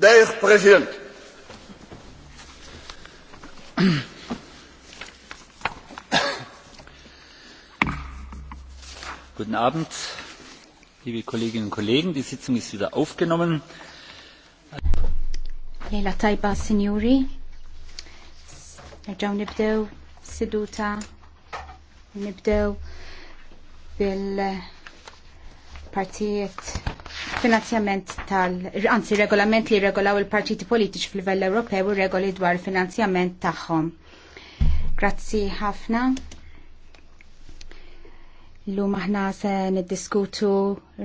Dear President, Guten Abend, liebe Kolleginnen und Kollegen. Die Sitzung ist wieder aufgenommen. Lejla tajba, signori. Nerġaw nibdew seduta, nibdew bil-partijiet finanzjament tal, anzi regolament li regolaw il-partiti politiċi fil-livell Ewropew u regoli dwar il-finanzjament tagħhom. Grazzi ħafna. lum aħna se niddiskutu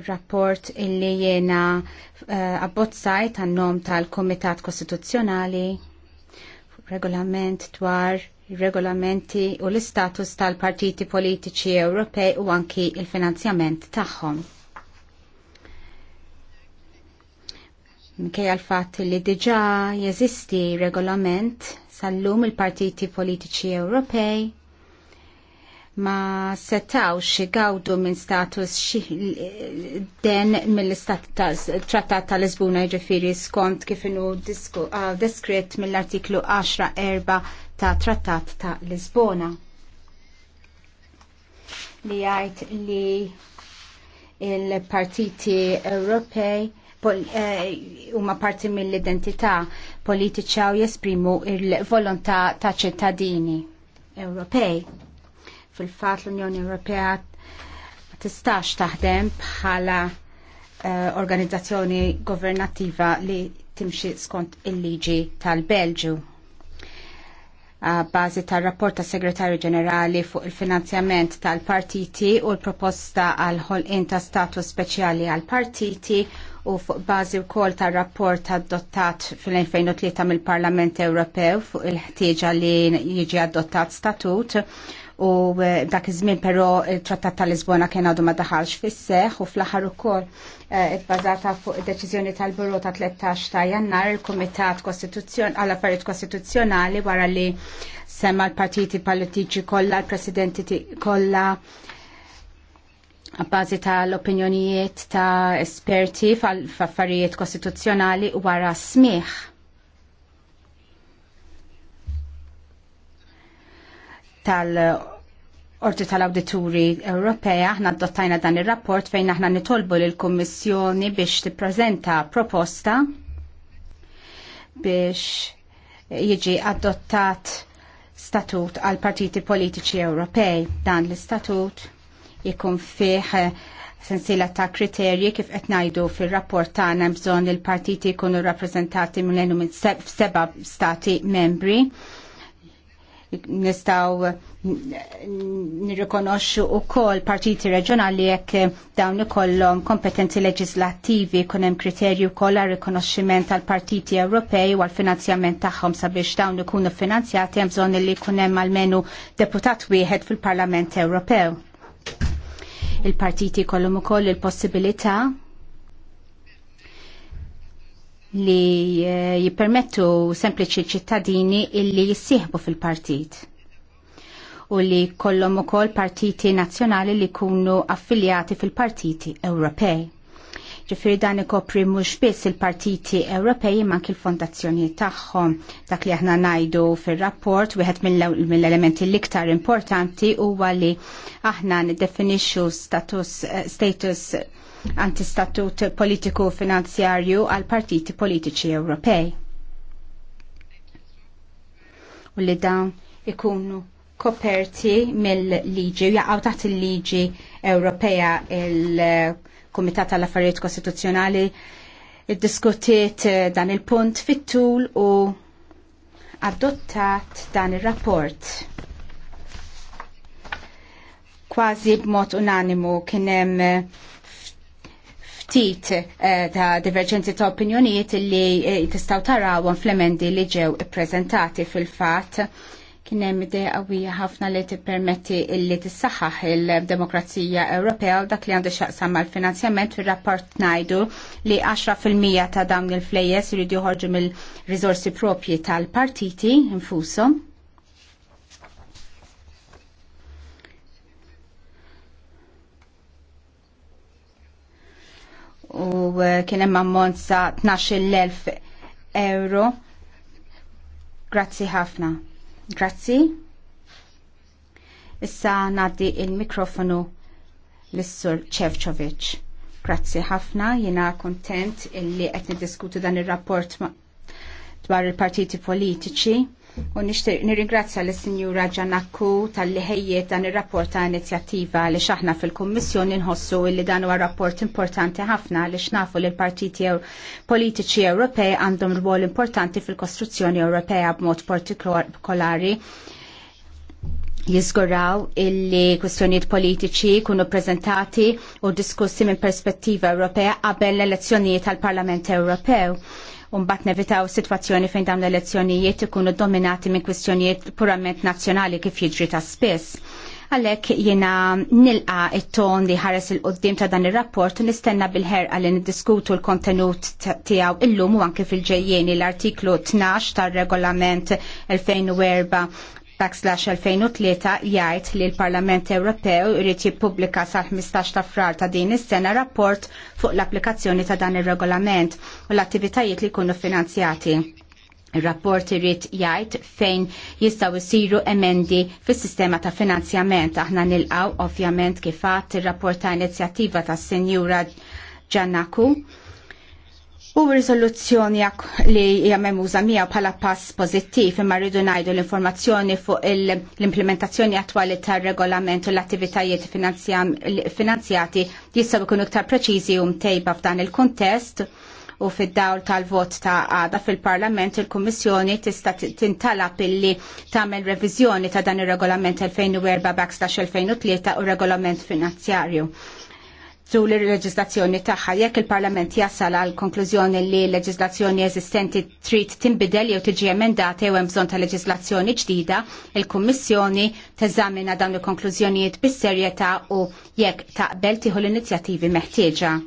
rapport illi jena abbozzaj eh, abbozzajt għannom tal-Komitat Kostituzzjonali regolament dwar regolamenti u l-istatus tal-partiti politiċi Ewropej u anki il-finanzjament tagħhom. Minkejja l-fatt li diġa jeżisti regolament sal-lum il-partiti politiċi Ewropej ma setawx gawdu minn status den mill-trattat tal-Lisbuna ġifiri skont kif inu ah, deskritt mill-artiklu 10-4 ta' trattat ta' Lisbona. Li għajt li il-partiti Ewropej Eh, huma parti mill-identità politiċa u jesprimu il-volontà ta' ċittadini Ewropej. Fil-fat l-Unjoni Ewropea tistax taħdem bħala eh, organizzazzjoni governattiva li timxi skont il-liġi tal-Belġu bazi tal-rapport ta' segretarju ġenerali fuq il-finanzjament tal-partiti u l-proposta għal ħolqien ta' status speċjali għal partiti u fuq bażi wkoll tar rapport adottat fil-2003 mill-Parlament Ewropew fuq il-ħtieġa li jiġi adottat statut u eh, dak iż-żmien però il-Trattat ta' lisbona kien għadu ma daħalx fis-seħ u fl-aħħar ukoll eh, bbażata fuq id-deċiżjoni tal-Buru ta' 13 ta' Jannar il-Kumitat Kostituzzjon għal affarijiet Kostituzzjonali wara li semma l-partiti politiċi kollha l-presidenti kollha bazi tal-opinjonijiet ta' esperti f'affarijiet kostituzzjonali wara smiħ. tal Orti tal-Awdituri Ewropea aħna adottajna dan ir-rapport fejn aħna nitolbu lill kummissjoni biex tippreżenta proposta biex jiġi adottat statut għal partiti politiċi Ewropej. Dan l-istatut jikun fih eh, sensila ta' kriterji kif qed ngħidu fir-rapport tagħna bżonn il-partiti jkunu rappreżentati mill minn seba stati membri. Nistgħu nirrikonoxxu wkoll partiti reġjonali jekk dawn ikollhom kompetenzi leġislattivi jkun hemm kriterji wkoll għar rikonoxximent tal-partiti Ewropej u għall finanzjament tagħhom sabiex dawn ikunu finanzjati hemm bżonn li jkun hemm almenu deputat wieħed fil-Parlament Ewropew il-partiti kollum ukoll il-possibilità li eh, jippermettu sempliċi ċittadini illi jissieħbu fil-partit u li kollom ukoll partiti nazzjonali li kunu affiljati fil-partiti Ewropej. Ġifiri dan ikopri mhux biss il-partiti Ewropej ma kil fondazzjoni tagħhom. Dak li aħna ngħidu fir-rapport wieħed mill-elementi l-iktar importanti huwa li aħna niddefinixxu status eh, status antistatut politiku finanzjarju għal partiti politiċi Ewropej. U li dan ikunu koperti mill-liġi, jaqaw taħt il-liġi Ewropea il- Kumitat tal-Affarijiet Kostituzzjonali iddiskutiet eh, dan il-punt fit-tul u adottat dan il-rapport. Kważi b'mod unanimu kienem eh, ftit eh, ta' divergenzi ta' opinjonijiet li tistaw tarawon fl-emendi li ġew prezentati fil-fat Kien hemm idea qawwija ħafna li tippermetti illi tissaħħaħ il-demokrazija Ewropea u dak li għandu x'aqsam mal-finanzjament fir-rapport ngħidu li 10% ta' dawn il-flejjes iridu joħorġu mill-riżorsi propji tal-partiti infushom. u eh, kien hemm ammont sa 12,000 euro. Grazzi ħafna. Grazzi. Issa naddi il-mikrofonu l-Sur Cevcovic. Grazzi ħafna, jina kontent illi qed niddiskutu dan ir-rapport dwar il-partiti politiċi u nixtieq nirringrazzja l sinjura Ġanakku tal-li ħejjiet dan ir-rapport ta' inizjattiva li xaħna fil-Kummissjoni nħossu li dan huwa rapport importanti ħafna li xnafu li l-partiti politiċi Ewropej għandhom rwol importanti fil-kostruzzjoni Ewropea b'mod partikolari jizguraw illi kwestjonijiet politiċi kunu prezentati u diskussi minn perspettiva Ewropea qabel l-elezzjonijiet tal-Parlament Ewropew Umbat nevitaw situazzjoni fejn dawn l-elezzjonijiet ikunu dominati minn kwistjonijiet purament nazzjonali kif jiġri ta' spess. Għalek jena nilqa it-ton li ħares il-qoddim ta' dan ir rapport u nistenna bil-ħerqa li niddiskutu l-kontenut tiegħu illum u anke fil-ġejjeni l-artiklu 12 tar-regolament 2004 backslash 2003 jgħid li l-Parlament Ewropew irid jippubblika sal-15 ta' frar ta' din is-sena rapport fuq l-applikazzjoni ta' dan ir-regolament u l-attivitajiet li jkunu finanzjati. Il-rapport irrid jgħid fejn jistgħu jsiru emendi fis-sistema ta' finanzjament. Aħna nilqgħu ovvjament kifat ir-rapport ta' inizjattiva tas senjura Ġannaku U risoluzzjoni li jgħamem uża mija bħala pass pozittiv imma rridu ngħidu l-informazzjoni fuq l-implementazzjoni attwali tar regolament u l-attivitajiet finanzjati jistgħu jkunu iktar preċiżi u mtejba f'dan il-kuntest u fid-dawl tal-vot ta' għada fil-Parlament il-Kummissjoni tista' tintalab illi tagħmel reviżjoni ta' dan ir-regolament 2004 backslash 2003 u regolament finanzjarju tul il-leġislazzjoni tagħha jekk il-Parlament jassal għal konklużjoni li l-leġislazzjoni eżistenti trid tinbidel jew tiġi emendata jew hemm bżonn ta' leġislazzjoni ġdida, il-Kummissjoni teżamina dawn il-konklużjonijiet bis-serjetà u jekk taqbel tieħu l-inizjattivi meħtieġa.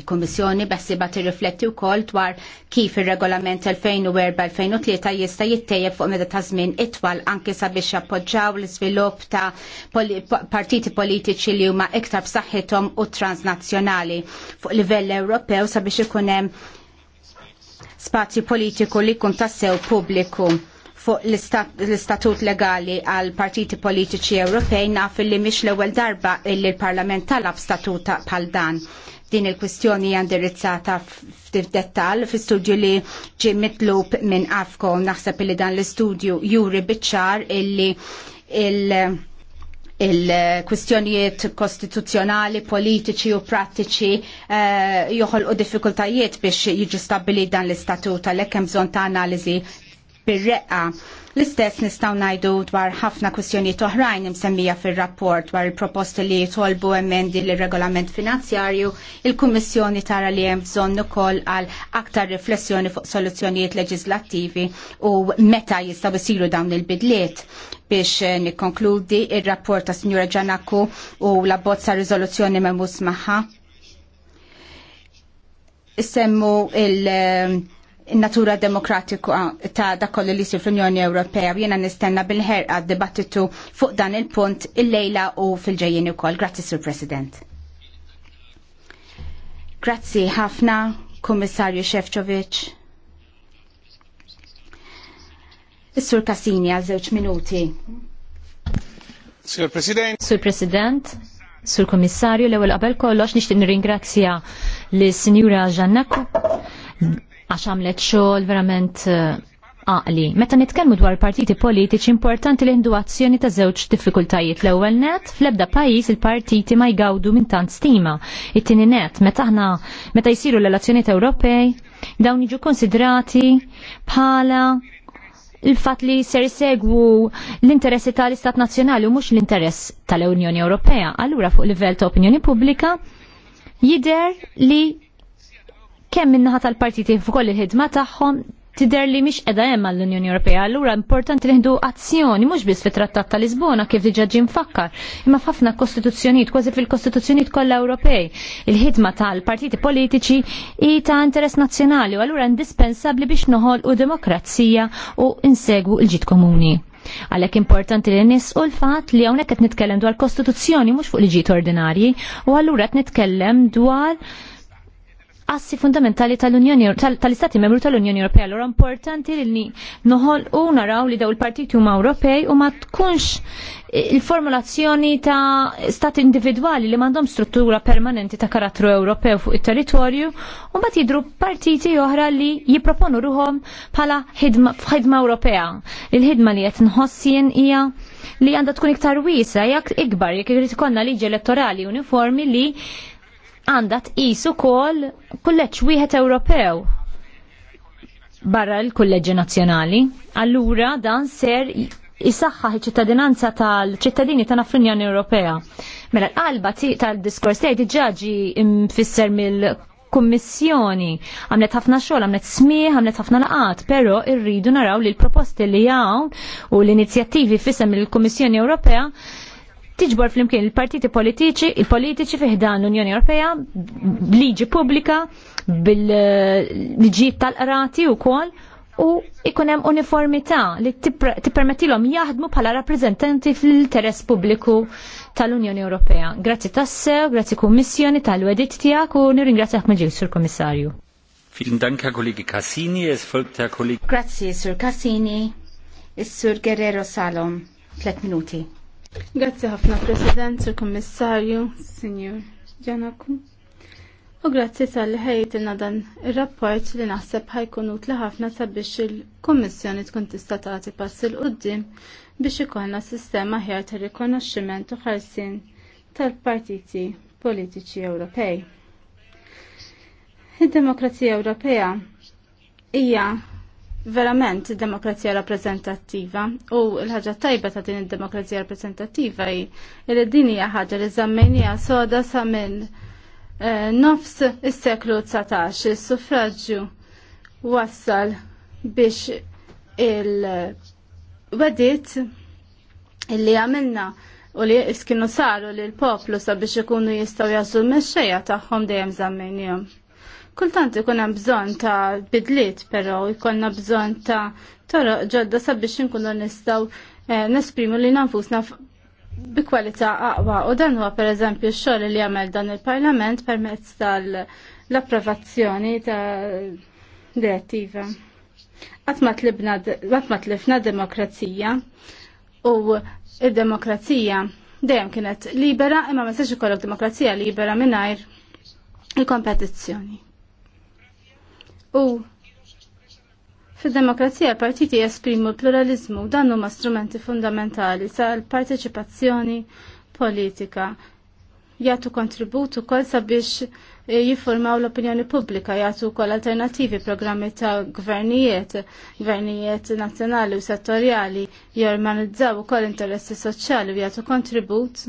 Il-Kommissjoni bessiba tirrifletti wkoll dwar kif ir-regolament 2004-2003 jista' jittejjeb fuq meta ta' żmien itwal anke sabiex jappoġġaw l-iżvilupp ta' poli partiti politiċi li huma iktar b'saħħithom u transnazzjonali fuq livell Ewropew sabiex ikun hemm spazju politiku li jkun tassew pubbliku fuq l-istatut legali għal partiti politiċi Ewropej naf li mhix l-ewwel darba illi l-Parlament talab statuta bħal dan. Din il-kwistjoni jandirizzata f'dettal f studju li ġie mitlub minn Afko naħseb li dan l-istudju juri biċċar illi il- il-kwistjonijiet kostituzzjonali, politiċi u prattiċi eh, joħolqu diffikultajiet biex jiġu stabili dan l-istatut għalhekk hemm bżonn ta' analiżi bir-reqqa. L-istess nistaw najdu dwar ħafna kwistjoni oħrajn imsemmija fir-rapport dwar il-proposti li jitolbu emendi l regolament finanzjarju, il-Kummissjoni tara li hemm bżonn ukoll għal aktar riflessjoni fuq soluzzjonijiet leġislattivi u meta jistgħu jsiru dawn il-bidliet. Biex eh, nikkonkludi ir-rapport ta' Sinjura Ġanaku u la bozza riżoluzzjoni memus magħha. Issemmu il- natura demokratiku ta' dakollu li jisir fl-Unjoni Ewropea. Jena nistenna bil-ħerqa dibattitu fuq dan il-punt il-lejla u fil-ġejjeni u Grazzi, Sur President. Grazzi ħafna, Komissarju Šefčovic. Sir sur Cassini għal żewġ minuti. Sur President. Sur President. Sur Komissarju, l ewwel qabel kollox nixtieq nirringrazzja lis sinjura Giannaku għax għamlet xogħol verament eh, għaqli. Meta nitkellmu dwar partiti politiċi importanti l azzjoni ta' żewġ diffikultajiet l-ewwel net, fl-ebda pajjiż il-partiti ma jgawdu minn tant stima. It-tieni net, meta aħna meta jsiru l-elezzjonijiet Ewropej, dawn jiġu konsidrati bħala il-fat li ser segwu l-interessi tal-Istat Nazzjonali u mhux l-interess tal-Unjoni Ewropea. Allura fuq livell ta' opinjoni pubblika jider li kemm minnaħa tal-partiti f'koll il-ħidma tagħhom tider li mhix qiegħda hemm għall-Unjoni Ewropea, allura importanti li ħdu azzjoni mhux biss fit-Trattat ta' Lisbona kif diġà ġi mfakkar, imma f'ħafna kostituzzjonijiet, kważi fil-kostituzzjonijiet kollha Ewropej. Il-ħidma tal-partiti politiċi hi ta' interess nazzjonali u allura indispensabbli biex noħolqu demokrazija u insegwu l-ġid komuni. Għalek importanti li nis u l-fat li għonek għet nitkellem dwar kostituzzjoni mux fuq liġiet ordinarji u għallura għet nitkellem dwar assi fundamentali tal-Unjoni tal-Istati Membru tal-Unjoni Ewropea. Allora importanti li noħol u naraw li daw il-partiti huma Ewropej u ma tkunx eh, il-formulazzjoni ta' stati individwali li m'għandhom struttura permanenti ta' karattru Ewropew fuq it-territorju u mbagħad jidhru partiti oħra li jipproponu ruhom bħala ħidma Ewropea. Il-ħidma li qed nħossien hija li għandha tkun iktar wiesa, jak ikbar, jekk irid ikollna liġi elettorali uniformi li għandha tqis ukoll kulleġġ wieħed Ewropew barra l-kulleġġi nazzjonali. Allura dan ser jisaxħa ċittadinanza tal-ċittadini ta' fl-Unjoni Ewropea. Mela l-qalba tal-diskors tiegħi diġaġi mfisser mill-Kummissjoni. Għamlet ħafna xogħol, għamlet smieħ, għamlet ħafna laqat, però rridu naraw li l-proposti li hawn u l-inizjattivi fissem mill-Kummissjoni Ewropea tiġbor flimkien il-partiti politiċi, il-politiċi fiħdan l-Unjoni Ewropea, liġi pubblika, bil-liġijiet tal-qrati u kol, u ikunem uniformità li tippermettilhom jaħdmu bħala rappreżentanti fl-interess pubbliku tal-Unjoni Ewropea. Grazzi tassew, grazzi kummissjoni tal-wedit tiegħek u nirringrazzjak mill maġil, sur Kommissarju. Vielen Dank, Herr Kollege Cassini. Es folgt Herr Kollege. Grazie, Sur Cassini. Is Sur Guerrero Salom. Tlet minuti. Grazzi ħafna President, Kommissarju, Signor Janaku. U grazzi tal-li ħejtina dan il-rapport li naħseb ħajkun utli ħafna sabiex il-Kommissjoni tkun tista' tagħti pass il qudiem biex ikollna sistema ħjar ta' rikonoxximent u ħarsin tal-partiti politiċi Ewropej. Id-Demokrazija Ewropea hija verament demokrazija rappresentattiva u l-ħaġa tajba ta' din id-demokrazija rappresentattiva hi li din hija ħaġa li żamminija soda sa minn eh, nofs is-seklu 19 is-suffraġġju wassal biex il-wedit illi għamilna u li kienu saru li l-poplu sabiex ikunu jistaw jazzu l-mesċeja tagħhom dejjem żamminjhom. Kultant ikun hemm bżonn ta' bidliet però jkollna bżonn ta' toroq ġodda sabiex inkunu nistgħu eh, nesprimu li nanfusna bi kwalità aqwa u dan huwa pereżempju x-xogħol li jagħmel dan il-Parlament permezz tal-approvazzjoni ta' direttiva. Qatt ma tlifna demokrazija u id-demokrazija dejjem kienet libera imma ma setax ikollok demokrazija libera mingħajr il-kompetizzjoni. U fil-demokrazija partiti jesprimu pluralizmu dan huma strumenti fundamentali l parteċipazzjoni politika Jatu kontribut ukoll sabiex eh, jiffurmaw l-opinjoni pubblika, jagħtu wkoll alternattivi programmi ta' gvernijiet, gvernijiet nazzjonali u settorjali jormanizzaw ukoll interessi soċjali u jagħtu kontribut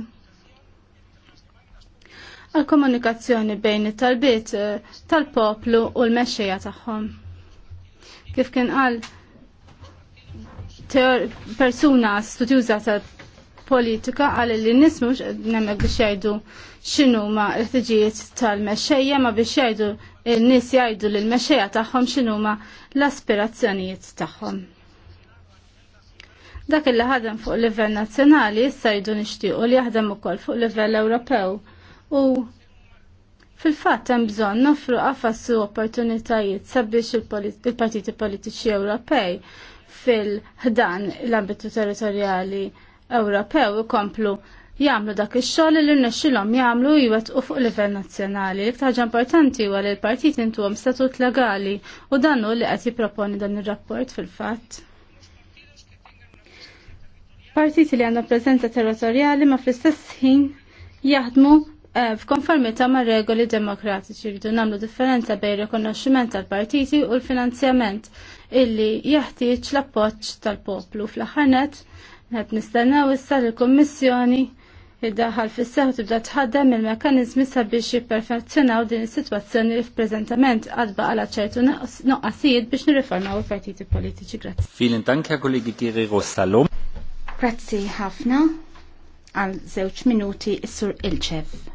għal komunikazzjoni bejn it-talbiet eh, tal-poplu u l mexxija tagħhom. Kif kien qal persuna studjuża tal-politika għal li n nemmek biex jgħidu xinu ma l-ħtiġijiet tal-mexxejja ma biex jgħidu n-nies jgħidu lil mexxejja tagħhom xinu ma l-aspirazzjonijiet tagħhom. Dak li ħadem fuq livell nazzjonali issa jdu nixtiequ li jaħdem ukoll fuq livell Ewropew u Fil-fatt hemm bżonn nofru qafassu opportunitajiet sabiex il-partiti politiċi Ewropej fil-ħdan l-ambitu territorjali Ewropew ikomplu jagħmlu dak ix-xogħol li rnexxilhom jagħmlu jwettqu fuq livell nazzjonali. L-iktar ħaġa importanti huwa li l-partit intuhom statut legali u dan hu li qed jipproponi dan ir-rapport fil-fatt. Partiti li għandhom preżenza territorjali ma fl-istess ħin jaħdmu Eh, f'konformità ma' regoli demokratiċi rridu nagħmlu differenza bejn rikonoxximent tal-partiti u l-finanzjament illi jeħtieġ l-appoġġ tal-poplu. Fl-aħħar net qed nistennew issa l kummissjoni iddaħħal fis-seħħ tibda tħaddem il-mekkaniżmi sabiex jipperfezzjonaw din is-sitwazzjoni li f'preżentament għadba għala ċertu noqqasijiet biex nirriformaw il-partiti politiċi. Grazzi. Filin tanka kollegi Kiri Rossalom. Grazzi ħafna għal żewġ minuti s-sur il-ċef.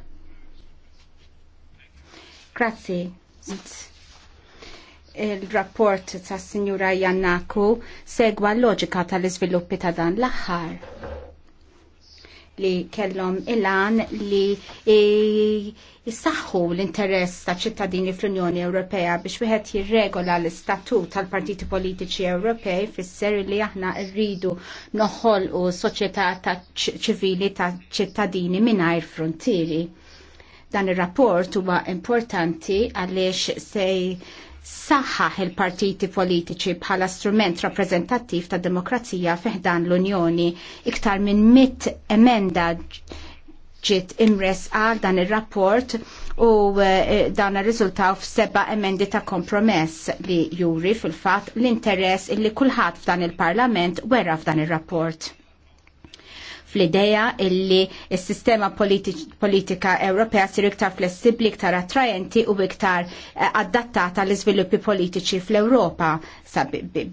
Grazzi. Il-rapport ta' Signora Jannaku segwa l-loġika tal-iżviluppi ta' dan l-aħħar li kellhom ilan li jissaħħu l-interess ta' ċittadini fl-Unjoni Ewropea biex wieħed jirregola l-istatut tal-partiti politiċi Ewropej fisser li aħna rridu noħolqu soċjetà ta' ċivili ta' ċittadini mingħajr frontieri Dan ir-rapport huwa importanti għaliex se saħħaħ il-partiti politiċi bħala strument rappreżentattiv ta' demokrazija fiħdan l-Unjoni. Iktar minn mit emenda ġiet imres għal dan il-rapport u eh, dan rizultaw f'seba emendi ta' kompromess li juri fil fatt l-interess illi kulħadd f'dan il-Parlament wera f'dan il-rapport fl-ideja illi s-sistema politika Ewropea sir iktar flessibli, iktar attrajenti u iktar eh, adattata l iżviluppi politiċi fl-Ewropa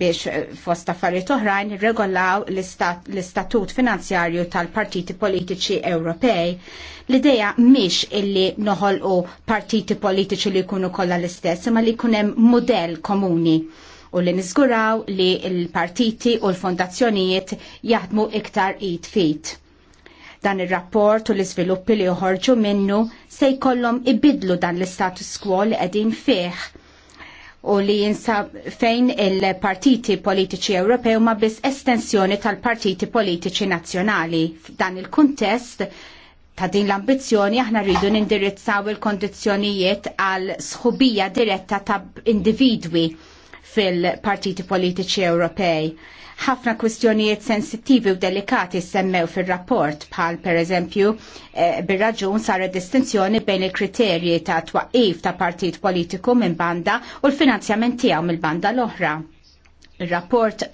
biex eh, fost affarijiet oħrajn regolaw l-istatut finanzjarju tal-partiti politiċi Ewropej. L-ideja miex illi noħolqu partiti politiċi li jkunu kollha l-istess, imma li jkun hemm mudell komuni u li niżguraw li l-partiti u l-fondazzjonijiet jaħdmu iktar id fit. Dan ir-rapport u l-iżviluppi li joħorġu minnu se jkollhom ibidlu dan l-status quo li qegħdin fih u li jinsab fejn il-partiti politiċi Ewropew ma biss estensjoni tal-partiti politiċi nazzjonali. F'dan il-kuntest ta' din l-ambizjoni aħna rridu nindirizzaw il-kondizjonijiet għal sħubija diretta ta' individwi fil-partiti politiċi Ewropej. Ħafna kwistjonijiet sensittivi u delikati semmew fil-rapport bħal per eżempju eh, bir-raġun saret distinzjoni bejn il-kriterji ta' twaqif ta' partit politiku minn banda u l-finanzjament tiegħu mill-banda l-oħra. Il-rapport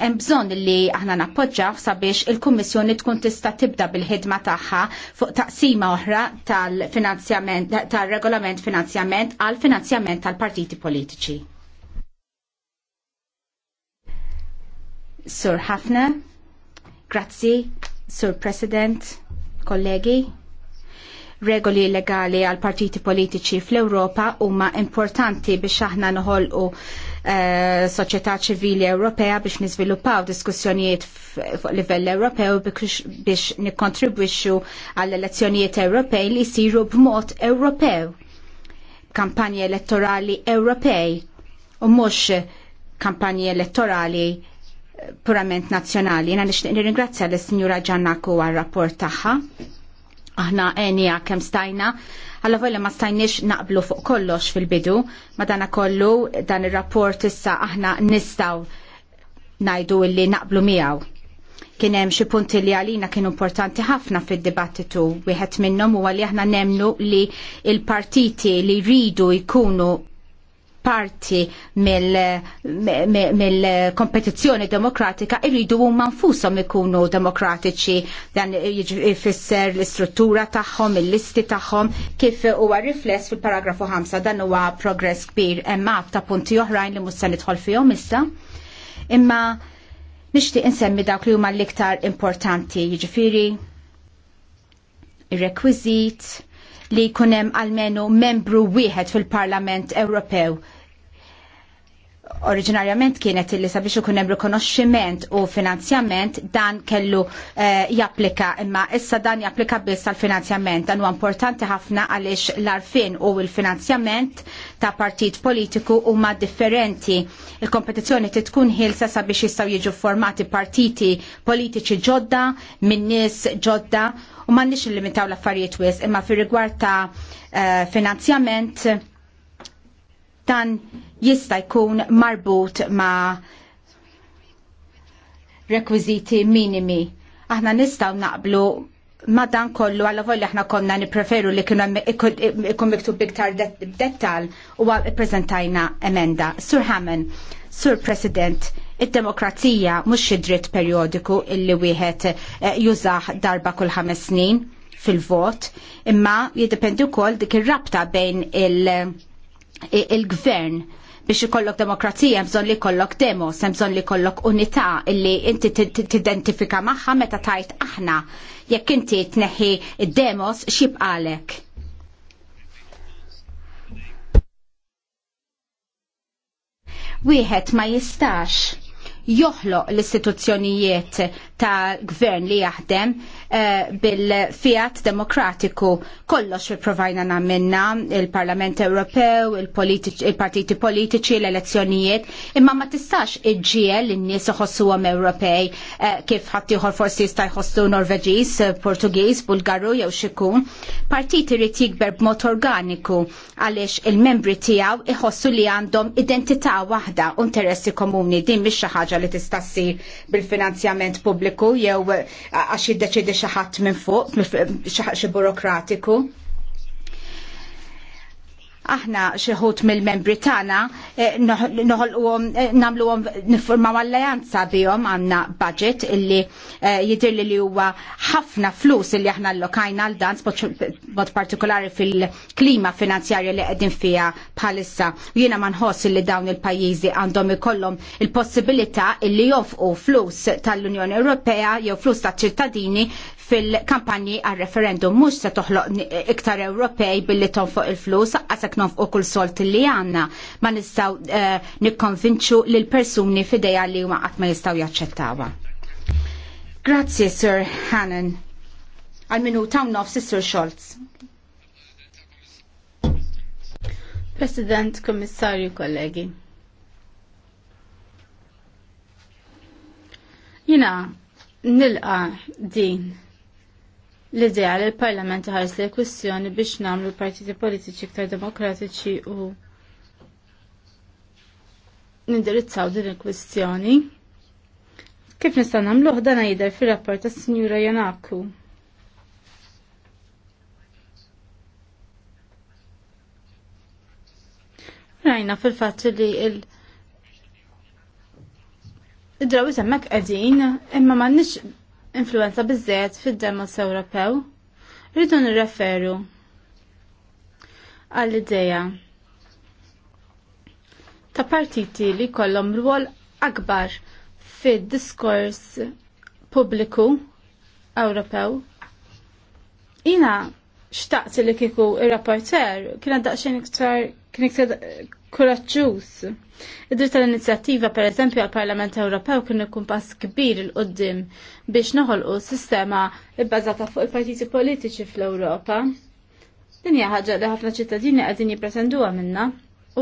hemm bżonn li aħna nappoġġaw sabiex il-Kummissjoni tkun tista' tibda bil-ħidma tagħha fuq taqsima oħra tal-finanzjament tal-regolament finanzjament għal finanzjament tal-partiti politiċi. Sur Hafna, grazzi, Sur President, kollegi. Regoli legali għal partiti politiċi fl-Europa huma importanti biex aħna noħolqu uh, eh, soċjetà ċivili Ewropea biex niżviluppaw diskussjonijiet fuq livell Ewropew biex nikkontribwixxu għall elezzjonijiet Ewropej li jsiru b'mod Ewropew. Kampanji elettorali Ewropej u mhux kampanji elettorali purament nazzjonali. Jena nix nirringrazzja lis-Sinjura Ġannaku għal rapport tagħha. Aħna eni kem stajna, għalla vojla ma stajniex naqblu fuq kollox fil-bidu, ma dana kollu dan il-rapport issa aħna nistaw najdu illi naqblu miegħu. Kien hemm xi punti li għalina kienu importanti ħafna fid-dibattitu wieħed minnhom huwa li aħna nemnu li il-partiti li jridu jkunu parti mill-kompetizzjoni demokratika irridu huma nfushom ikunu demokratiċi dan ifisser l-istruttura tagħhom, il-listi tagħhom kif huwa rifless fil-paragrafu 5 dan huwa progress kbir imma ta' punti oħrajn li mhux se nidħol fihom issa. Imma nixtieq insemmi dawk li huma l-iktar importanti jiġifieri ir-rekwiżit, li jkun hemm almenu membru wieħed fil-Parlament Ewropew oriġinarjament kienet illi sabiex ikun hemm rikonoxximent u finanzjament dan kellu uh, japplika imma issa dan japplika biss għal finanzjament dan huwa importanti ħafna għaliex l-arfin u l-finanzjament ta' partit politiku huma differenti. Il-kompetizzjoni tkun ħilsa sabiex jistgħu jiġu formati partiti politiċi ġodda minn nies ġodda u m'għandniex nix limitaw l-affarijiet wis imma fir rigward ta' eh, finanzjament dan jista' jkun marbut ma' rekwiziti minimi. Aħna nistgħu naqblu ma dan kollu għal volli aħna konna nippreferu li kienu ikun miktub iktar dettal u ippreżentajna emenda. Sur Hammond, Sur President, id-demokrazija mhux xi dritt perjodiku illi wieħed eh, jużah darba kull ħames snin fil-vot, imma jiddependi wkoll dik ir-rabta bejn il- il-gvern biex ikollok demokrazija bżonn li kollok demos, bżonn li kollok unità illi inti tidentifika magħha meta tajt aħna jekk inti tneħħi d demos xibqalek. Wieħed ma jistax joħloq l-istituzzjonijiet ta' gvern li jaħdem eh, bil-fiat demokratiku kollox provajna namminna il-Parlament Ewropew, il-partiti politiċi, l-elezzjonijiet, imma ma tistax iġġiel l-nies uħossuhom Ewropej eh, kif ħaddieħor forsi jista' jħossu Norveġiż, eh, Portugiż, Bulgaru jew xikun. Partit irid jikber b'mod organiku għaliex il-membri tiegħu iħossu li għandhom identità waħda u interessi komuni din mhix xi ħaġa ħaġa li tista' ssir bil-finanzjament pubbliku jew għax jiddeċiedi xi ħadd minn fuq xi burokratiku aħna xieħut mill-membri tagħna eh, noħolquhom eh, nagħmluhom niffurmaw alleanza bihom għandna budget illi eh, jidir li huwa ħafna flus illi aħna lokajna għal dan mod partikolari fil-klima finanzjarja li qegħdin fija bħalissa. U jiena ma nħoss li dawn il-pajjiżi għandhom ikollhom il-possibilità illi jofqu flus tal-Unjoni Ewropea jew flus tal-ċittadini fil-kampanji għal referendum mhux se toħloq iktar Ewropej billi tonfoq il-flus għasak nof u kull solt li għandna ma nistgħu uh, eh, nikkonvinċu l persuni fideja li huma qatt ma jistgħu jaċċettawha. Grazzi, Sir Hannan. Għal-minuta taw nof, Sir Scholz. President, Kommissarju, kollegi. Jina, nilqa din l-idea li l-Parlament ħares li kwistjoni biex namlu l-partiti politiċi iktar demokratiċi u nindirizzaw din il-kwistjoni. Kif nista' nagħmluh dan jidher fir-rapport tas-Sinjura Janaku. Rajna fil-fatt li il- Id-drawi semmek qegħdin, imma m'għandniex influenza biżżejjed fid-demos Ewropew, rridu nirreferu għall-ideja ta' partiti li kollom rwol akbar fid-diskors pubbliku Ewropew. Ina xtaqt li kiku il rapporter kien daqsxejn iktar kien iktar Kuraċċus. id dur tal-inizjattiva per eżempju għal-Parlament Ewropew kien ikun pass kbir il qoddim biex noħolqu sistema bbażata fuq il-partiti politiċi fl-Ewropa. Din hija ħaġa li ħafna ċittadini qegħdin jippretenduha minna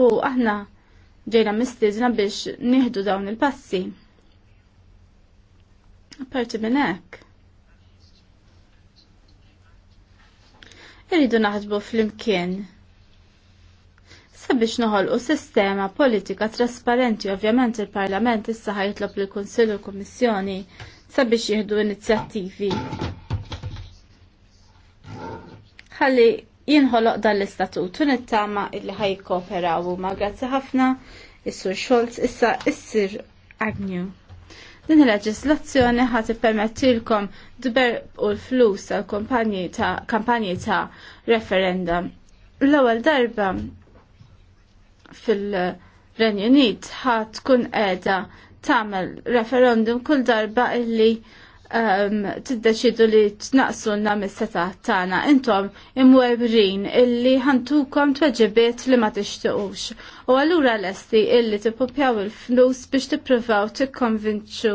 u aħna ġejna mistiżna biex nieħdu dawn il-passi. Apparti minn hekk. Irridu naħdbu fl-imkien biex noħolqu sistema politika trasparenti ovvjament il-Parlament issa ħajtlob lill kunsill u l-Kummissjoni sabiex jieħdu inizjattivi. Ħalli jinħoloq dan l-istatut u nittama illi ħajkooperaw ma grazzi ħafna is-Sur Scholz issa issir Agnew. Din il-leġislazzjoni ħat ippermettilkom dber u l-flus għal kampanji ta' referendum l-ewwel darba fil renjunit Unit ħadd tkun qiegħda tagħmel referendum kull darba illi Um, tiddeċidu li t-naqsu l mis-seta tagħna. Intom imwebrin illi ħantukom tweġibiet li ma t-ixtiqux. U allura lesti illi tippupjaw il-flus biex tippruvaw tikkonvinċu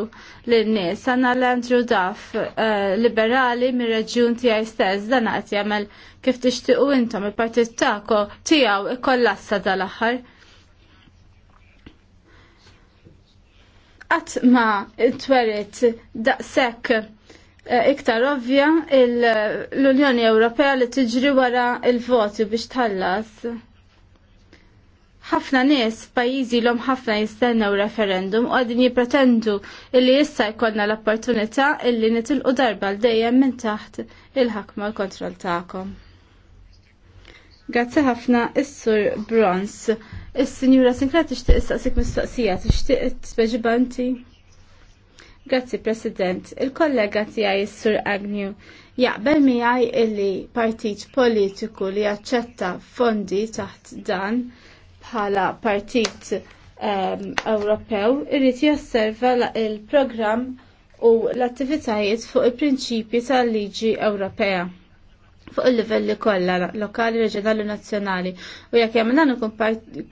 lin-nies. Għanna l-Andrew Duff uh, liberali mir-reġjun għaj stess dan qed jagħmel kif t-ixtiqu intom il-partit tagħkom tiegħu ikkollassa dal-aħħar. qatt ma tweret daqshekk eh, iktar ovvja l-Unjoni Ewropea li tiġri wara il-voti biex tħallas. Ħafna nies pajjiżi l-om ħafna jistennew referendum u għadin jipretendu illi jissa jkollna l-opportunità illi nitilqu darba l dejjem minn taħt il-ħakma l-kontroll tagħkom. Grazzi ħafna is-Sur Bronze Is-Sinjura Sinkra tixtieq issaqsik mistoqsija, tixtieq tispeġibanti? Grazzi President, il-kollega tiegħi is-Sur Agnew jaqbel miegħi illi partit politiku li jaċċetta fondi taħt dan bħala partit um, Ewropew irrid josserva il-programm u l-attivitajiet fuq il-prinċipji tal-liġi Ewropea fuq il-livelli kollha lokali, reġjonali u nazzjonali. U jekk hemm dan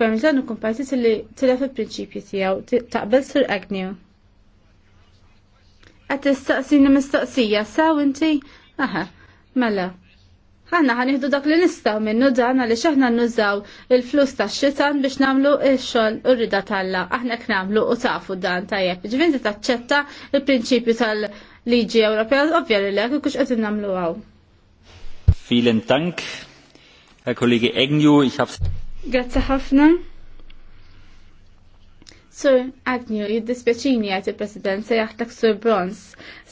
permiżan ikun partit li tilef il-prinċipji tiegħu taqbel sur Agnew. Qed tistaqsini mistoqsija saw inti? Aha, mela. Ħanna ħanieħdu dak li nistgħu minnu dan għaliex aħna nużaw il-flus tax-xitan biex nagħmlu x-xogħol u rida talla. Aħna nagħmlu u tafu dan tajjeb. Ġifieri taċċetta il-prinċipju tal-liġi Ewropea, ovvjali li lek kux qed nagħmlu hawn. Vielen Dank, Herr Kollege Agnew. Ich habe. Grazie ħafna. Sur Agnew, jiddispjaċini għajt il-President se jaħtak Sur Brons.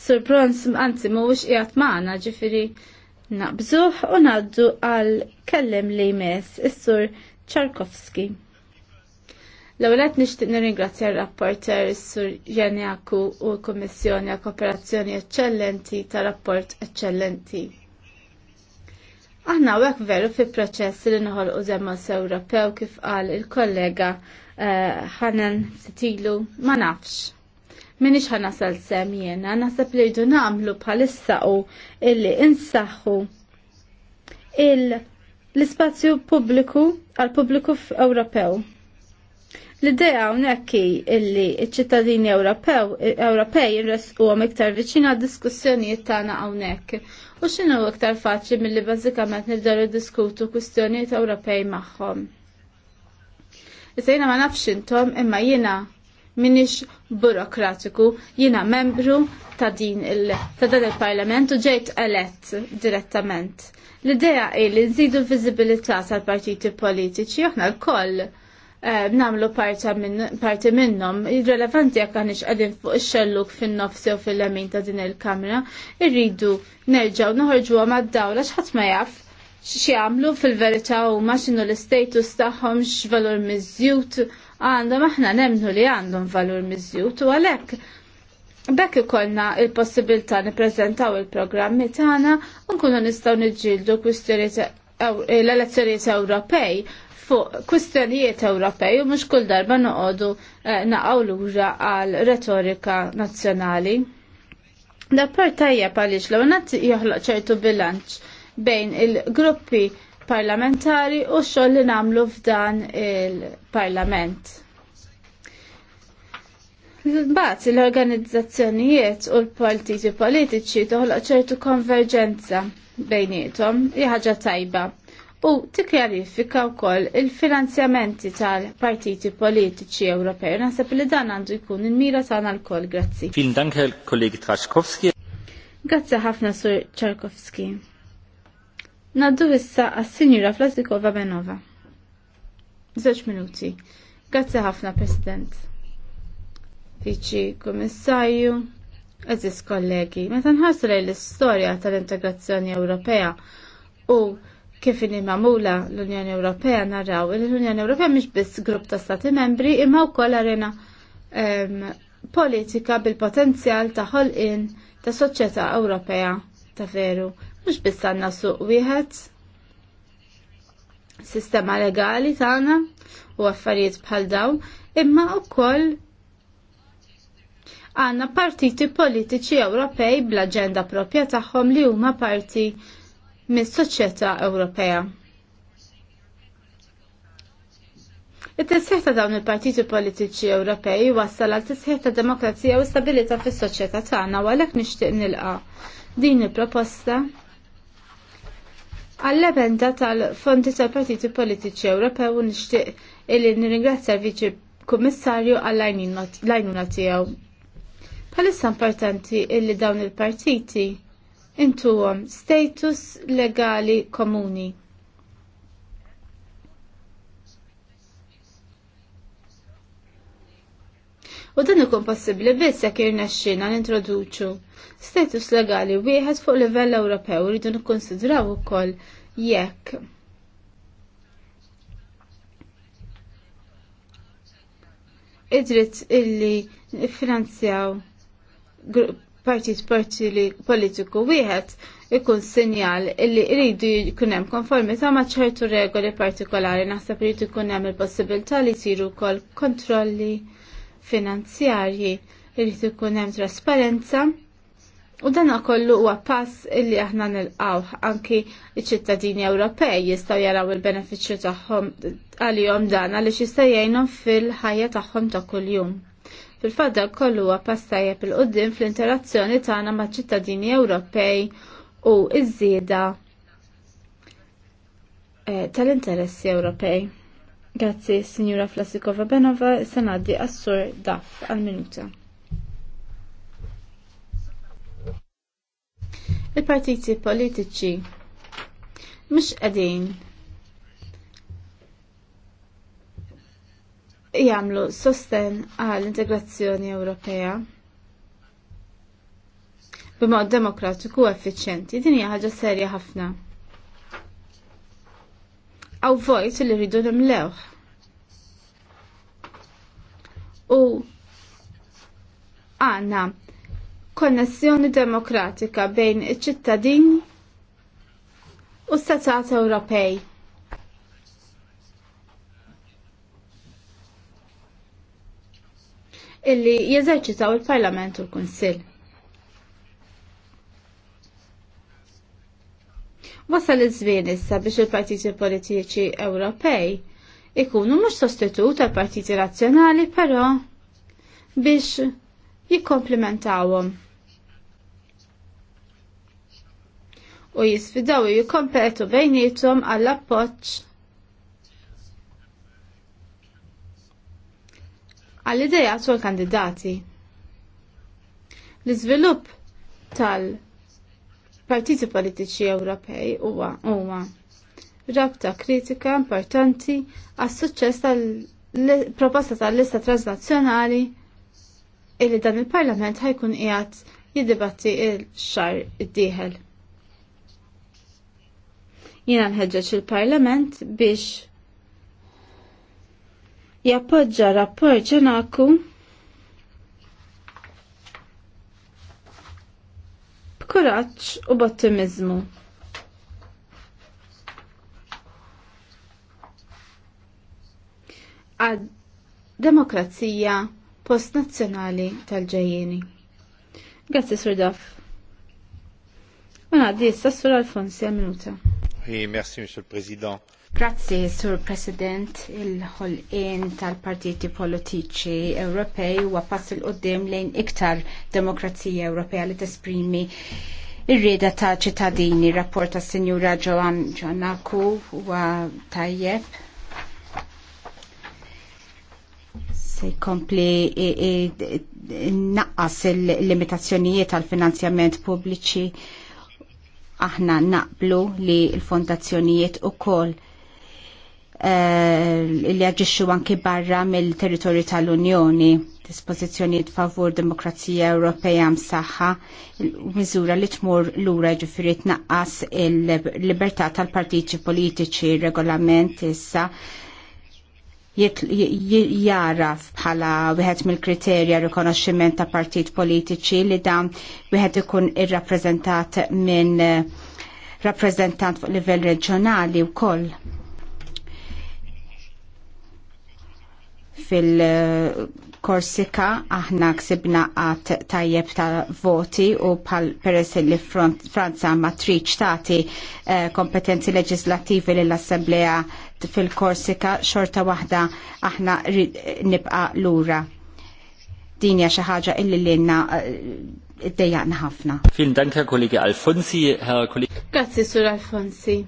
Sur Brons anzi mhuwiex qiegħed magħna ġifieri naqbżuh u ngħaddu għal kellem li jmess is-Sur Tcharkovski. L-ewlet nixtieq nirringrazzja r-rapporter sur Janjaku u l-Kummissjoni għal kooperazzjoni eċċellenti ta' rapport eċċellenti. Aħna għek veru fi proċess li nħol u zemmas Ewropew kif qal il-kollega ħanan eh, Sitilu ma nafx. Minix ħana sal sem jena, nasab li jdu namlu bħalissa u illi insaxhu l-spazju pubbliku għal pubbliku Ewropew. L-idea unekki illi ċittadini Ewropew, Ewropej jirres u għam iktar viċina diskussjonijiet tagħna hawnhekk u xinu iktar faċli mill-li bazzikament nibdew diskutu kwistjonijiet Ewropej magħhom. Isejna ma nafx intom imma jiena minix burokratiku, jina membru ta' din il ta' dan il-parlament u ġejt elett direttament. L-idea hi li nżidu l-viżibilità tal-partiti politiċi aħna l-koll Eh, namlu parti minnom. Irrelevanti jekk għanix għadin fuq ix-xelluk fin-nofsi u fil-lemin ta' din il-kamra, irridu nerġaw noħorġu għam għad-dawla xħat ma jaf xiamlu fil-verità u maċinu l-status tagħhom x'valur mizzjut għandhom aħna nemnu li għandhom valur mizzjut u għalhekk Bekk ikollna il-possibilità nippreżentaw il-programmi tagħna u nkunu nistgħu niġġieldu kwistjonijiet e-, l-elezzjonijiet Ewropej fuq kwistjonijiet Ewropej u mhux kull darba noqogħdu eh, naqgħu lura għal retorika nazzjonali. Da appar tajjeb għaliex l nat joħloq ċertu bilanċ bejn il-gruppi parlamentari u xoll li namlu f'dan il-parlament. Mbagħad l-organizzazzjonijiet u l-partiti politiċi toħloq ċertu konverġenza bejnietom, hija ħaġa tajba u tikjarifika wkoll il-finanzjamenti tal-partiti politiċi Ewropej. Naħseb li dan għandu jkun il-mira tagħna lkoll. Grazzi. Vielen Dank, kollegi Traskowski. Grazzi ħafna Sur Czarkowski. Naddu issa għas-Sinjura Flasikova Benova. Żewġ minuti. Grazzi ħafna, President. Viċi Kummissarju, Eżis kollegi, meta nħarsu lejn l-istorja tal-integrazzjoni Ewropea u kif inni mamula l-Unjoni Ewropea naraw li l-Unjoni Ewropea mhix biss grupp ta' stati membri imma wkoll arena um, politika bil-potenzjal ta' ħolqien ta' soċjetà Ewropea ta' veru. Mhux biss għandna suq wieħed sistema legali tagħna u affarijiet bħal dawn, imma wkoll għandna partiti politiċi Ewropej bl-aġenda propja tagħhom li huma parti mis-soċjetà Ewropea. It-tisħiħ ta' dawn il-partiti politiċi Ewropej wassal għal tisħiħ ta' demokrazija u stabilità fis-soċjetà tagħna u għalhekk nixtieq nilqa din il-proposta għall-ebenda tal-fondi tal-partiti politiċi Ewropew u nixtieq illi nirringrazzja l-Viċi Kummissarju għall-għajnuna tiegħu. Bħalissa importanti illi dawn il-partiti intuhom status legali komuni. u dan ikun possibbli biss jekk irnexxina nintroduċu status legali wieħed fuq livell Ewropew rridu nikkonsidraw ukoll jekk id illi finanzjaw partit politiku wieħed ikun sinjal illi jridu jkun hemm konformità ma' ċertu regoli partikolari naħseb li jkun hemm il-possibilità li jsiru wkoll kontrolli finanzjarji jridu ikun hemm trasparenza u dan kollu huwa pass illi aħna nilqgħu anki iċ-ċittadini Ewropej jistgħu jaraw il-benefiċċju tagħhom għalihom dan għaliex jista' jgħinhom fil-ħajja tagħhom ta' kuljum. Fil-fatt dak kollu huwa pass tajjeb il qudiem fl-interazzjoni tagħna maċ-ċittadini Ewropej u iż-żieda eh, tal-interessi Ewropej. Grazzi, Signora Flasikova Benova, sanaddi assur daf għal-minuta. il-partiti politiċi mhux qegħdin jagħmlu sosten għall integrazzjoni Ewropea b'mod demokratiku u effiċjenti. Din hija ħaġa serja ħafna. Aw vojt li rridu nimlewh. U għandna konnessjoni demokratika bejn iċ-ċittadini u l-Satat Ewropej. illi jeżerċitaw il-Parlament u l-Kunsill. Wasal iż-żmien issa biex il-partiti politiċi Ewropej ikunu mhux sostitut tal-partiti nazzjonali, però biex jikkomplementawhom. u jisfidaw jikkompetu bejnietom għall appoġġ għall-ideja tul kandidati. L-iżvilupp tal-partiti politiċi Ewropej huwa huwa rabta kritika importanti għas suċċess tal-proposta tal-lista transnazzjonali illi dan il-Parlament ħajkun qiegħed jiddibatti il-xar id-dieħel. Jiena nħeġġeġ il-Parlament biex jappoġġa rapport ġenaku b'kuraġġ u b'ottimizmu. Għad demokrazija post nazjonali tal-ġejjeni. Grazzi Sur Daf. Unaddi, mela, s-sassur Alfonsi, minuta. Oui, merci, Monsieur le Président. Grazzi, Sur President, il-ħolqien tal-partiti politiċi Ewropej huwa għapass il qoddim lejn iktar demokrazija Ewropea li tesprimi ir-rieda ta' ċittadini. Rapport ta' Sinjura Joan Ġanaku huwa tajjeb. Se jkompli naqqas il-limitazzjonijiet tal-finanzjament pubbliċi aħna naqblu li l-fondazzjonijiet u koll Eh, li għagġiċu anki barra mill-territorju tal-Unjoni dispożizzjonijiet favur demokrazija Ewropea msaħħa miżura li tmur lura ġifiri tnaqqas il-libertà tal-partiti politiċi regolament issa jaraf bħala wieħed mill-kriterja rikonoxximent ta' partit politiċi li dan wieħed ikun irrappreżentat minn rappreżentant fuq livell reġjonali wkoll fil-Korsika aħna ksibna għat tajjeb ta' voti u pal peress li Franza ma triċ tati eh, kompetenzi leġislativi l-Assemblea fil-Korsika xorta wahda aħna nibqa lura. Dinja xaħġa illi l-inna eh, id-dejjaqna ħafna. Vielen Alfonsi. herra kollegi. Grazie, Sur Alfonsi.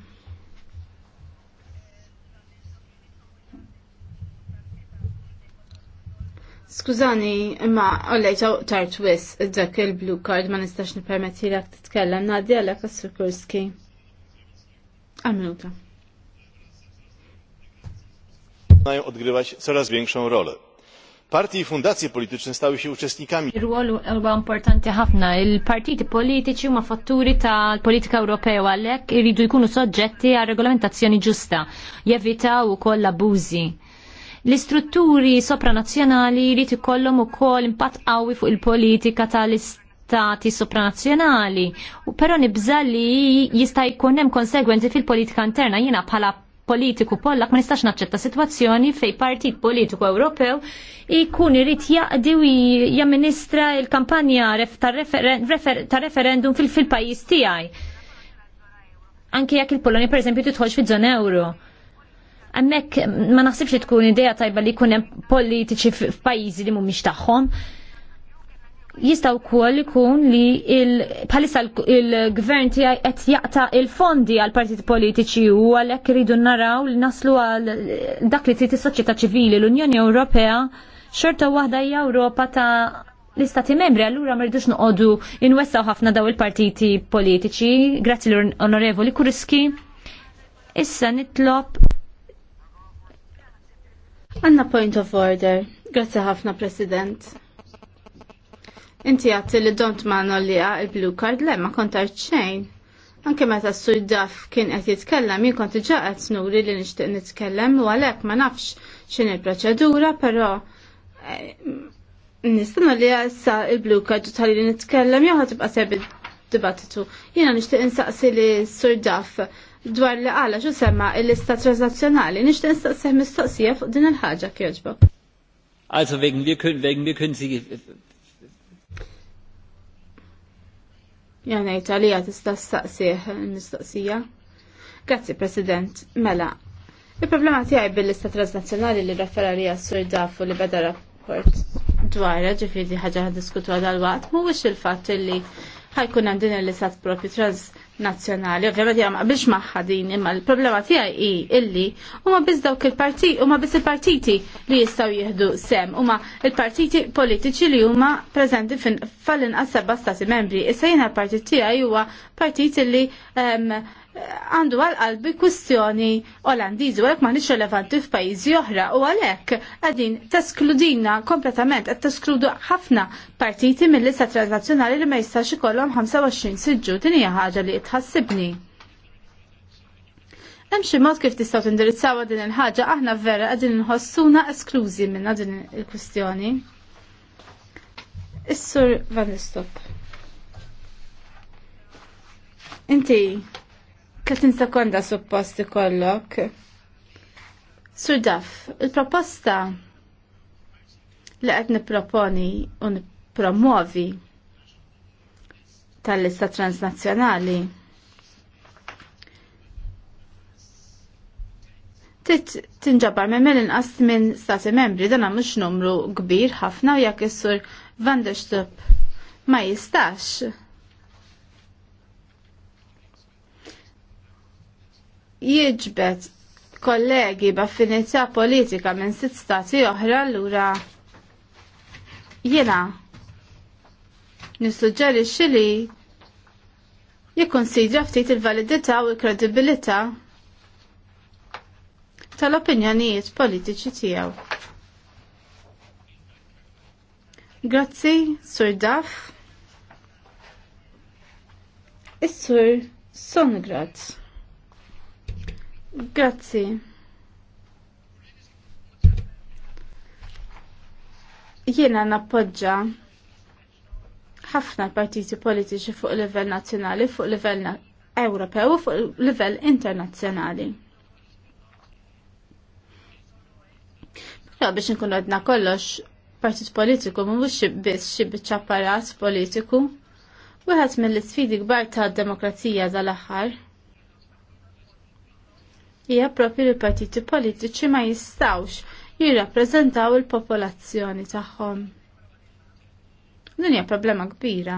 Skużani, imma għollej tart wis dak il-blue card ma nistax nipermetti l titkellem nadi għalek s-sukurski. Għal-minuta. odgrywać coraz większą rolę partii i fundacje polityczne stały się uczestnikami. Ir-rwol importanti ħafna. Il-partiti politiċi huma fatturi tal-politika Ewropew għalhekk iridu jkunu soġġetti għal regolamentazzjoni ġusta, jevitaw ukoll abużi L-istrutturi sopranazzjonali li tikollhom ukoll impatt qawwi fuq il-politika tal-istati sopranazzjonali. Però nibża li jista' jkun hemm konsegwenzi fil-politika interna jiena bħala politiku pollak ma nistax naċċetta situazzjoni fej partit politiku Ewropew ikun irid jaqdi u jamministra il-kampanja tar-referendum fil-pajjiż tiegħi. Anke jekk il-Polonja pereżempju titħolx fiż-żona euro. Għannek ma naħsibx li tkun idea tajba li kunem politiċi f'pajjiżi li mhumiex tagħhom. Jistaw kol kun li palissa il-gvern ti qed jaqta il-fondi għal partiti politiċi u għalhekk iridu naraw li naslu għal dak li trid is-soċjetà ċivili l-Unjoni Ewropea xorta waħda hija Ewropa ta' l-istati membri allura mridux noqogħdu inwessaw ħafna daw il-partiti politiċi. Grazzi l-onorevoli Kuriski. Issa nitlob Għanna point of order. Grazzi ħafna, President. Inti għatti li don't man li il-blue card le ma kontar ċejn. Anke meta s-sur daf kien qed jitkellem, jien konti ġa qed snuri li nixtieq nitkellem u għalhekk ma nafx x'in il-proċedura, però eh, nistenna li għessa il-blue card tħalli li nitkellem jew għasab il dibattitu. Jiena nixtieq insaqsi li s-sur daf dwar li għala xo semma il-lista transazzjonali nixtieq nistaqsih mistoqsija fuq din il-ħaġa kjoġba. Also wegen wir können wegen wir können Sie Ja ngħid għalija tista' staqsih il-mistoqsija. Grazzi President. Mela, il-problema tiegħi bil-lista transnazzjonali li referra li sur dafu li beda rapport ħagġa ġifieri ħaġa ħaddiskutu għal waqt mhuwiex il-fatt li ħajkun għandin il istat propju trans nazzjonali. Ovvjament jgħam biex maħħadin, din, imma l-problema tiegħi i illi huma biss dawk il-partiti, huma biss il-partiti li jistgħu jieħdu sem, huma il-partiti politiċi li huma prezenti fin fallin seba' stati membri. Issa jiena l-partit tiegħi huwa li għandu għal-qalbi kwistjoni olandiżi u għalek ma nix relevanti f'pajjiżi oħra u għalek għadin taskludina kompletament għad taskludu ħafna partiti mill-lista transnazzjonali li ma jistax ikollhom 25 siġġu din hija ħaġa li tħassibni. Hemm xi mod kif tistgħu tindirizzaw din il-ħaġa aħna vera qegħdin inħossuna esklużi minna din il-kwistjoni. Is-sur Van Inti, 30 sekonda supposti kollok. Sur Daf, il-proposta li qed nipproponi u nippromovi tal-lista transnazzjonali tinġabar me mill-inqas minn stati membri dan mux numru kbir ħafna jekk is-sur Van der ma jistax jiġbet kollegi b'affinità politika minn sitt stati oħra allura jiena nissuġġerixxi li jikkonsidra ftit il-validità u l-kredibilità tal-opinjonijiet politiċi tiegħu. Grazzi, Sur Daf. Is-Sur Songrat. Grazzi. Jiena nappoġġa ħafna partiti politiċi fuq livell nazzjonali, fuq livell Ewropew u fuq livell internazzjonali. Però biex nkun għadna kollox partit politiku mhux biss xi apparat politiku. Wieħed mill-isfidi kbar tad-demokrazija tal-aħħar hija propri li partiti politiċi ma jistawx jirrappreżentaw il-popolazzjoni tagħhom. Din hija problema kbira.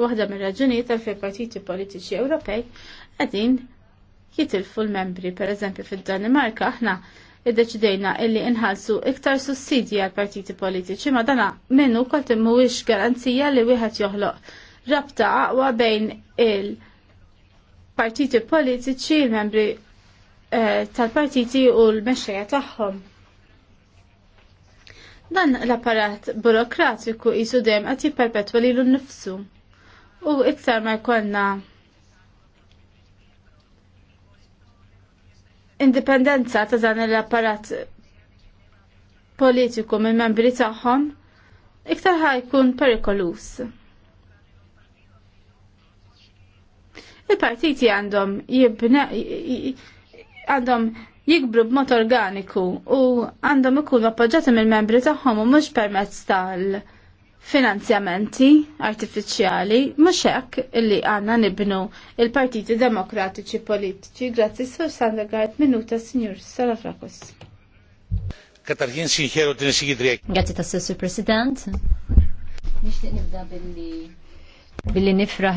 Waħda mir-raġunijiet għal fejn partiti politiċi Ewropej qegħdin jitilfu l-membri, pereżempju fid-Danimarka aħna iddeċidejna illi inħalsu iktar sussidji għal partiti politiċi ma dana minnu kol mhuwiex garanzija li wieħed joħloq rabta aqwa bejn il- partiti politiċi, il-membri eh, tal-partiti u l-mexxejja tagħhom. Dan l-apparat burokratiku jisu għati qed li l nnifsu. U iktar ma jkollna indipendenza ta' dan l-apparat politiku mill membri tagħhom, iktar ħajkun perikolus. il-partiti għandhom jibna għandhom jikbru b'mod organiku u għandhom ikunu appoġġati mill-membri tagħhom u mhux permezz tal finanzjamenti artifiċjali mhux hekk illi għandna nibnu il-partiti demokratiċi politiċi grazzi sur Sandegard minuta Sinjur Salafrakos. Katarħin sinħeru t-nisigidrek. Grazzi tas-Sessur President. Nixtieq nibda billi billi nifraħ.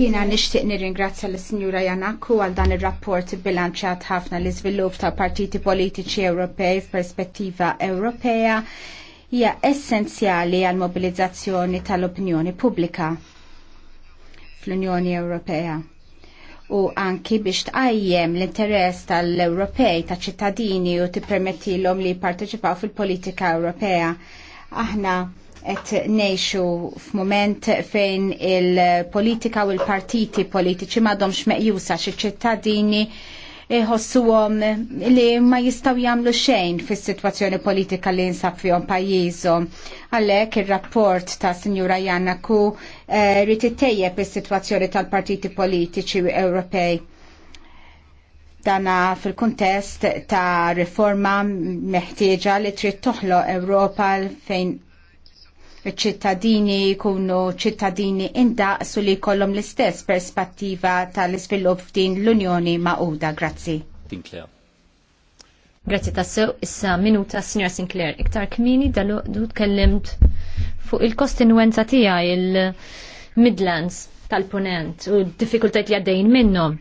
Jina nishtiq nirringrazzja l sinjura Janaku għal dan il-rapport bilanċat ħafna l iżvilupp ta' partiti politiċi Ewropej f'perspettiva Ewropea hija essenzjali għal mobilizzazzjoni tal-opinjoni pubblika fl-Unjoni Ewropea u anki biex tqajjem l-interess tal-Ewropej ta' ċittadini u tippermettilhom li jipparteċipaw fil-politika Ewropea. Aħna et f-moment fejn il-politika u l-partiti politiċi madomx meqjusa xi ċittadini għom li ma jistaw jagħmlu xejn fis-sitwazzjoni politika li nsab fihom pajjiżhom. Għalhekk ir-rapport ta' Sinjura Janna Ku eh, rrid ittejjeb is-sitwazzjoni tal-partiti politiċi Ewropej dana fil-kuntest ta' riforma meħtieġa li trid toħloq Ewropa fejn ċittadini jkunu ċittadini indaqsu li kollom l-istess perspettiva tal-iżvilupp f'din l-Unjoni Maquda. Grazzi. Sinclair. Grazzi tassew, issa minuta Signor Sinclair. Iktar kmini dal du tkellimt fuq il-kostinuenza tija il-Midlands tal-ponent u d-difikultajt li għaddejn minnom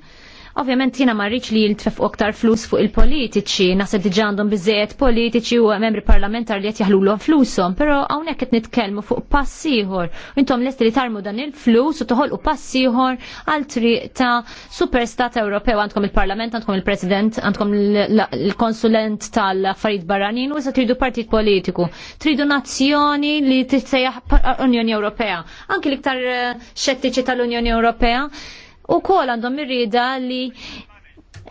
Ovvjament jiena ma rridx li jiltfef aktar flus fuq il-politiċi, naħseb diġà għandhom biżejjed politiċi u membri parlamentar li qed jaħlulhom flushom, però hawnhekk qed nitkellmu fuq pass ieħor. Intom lesti li tarmu dan il-flus u toħolqu pass ieħor għal triq ta' superstat Ewropew għandkom il-Parlament, għandkom il-President, għandkom il-konsulent tal-affarijiet barranin u issa tridu partit politiku. Tridu nazzjoni li tissejjaħ Unjoni Ewropea. Anki l-iktar eh, xettiċi tal-Unjoni Ewropea u kol għandhom irrida li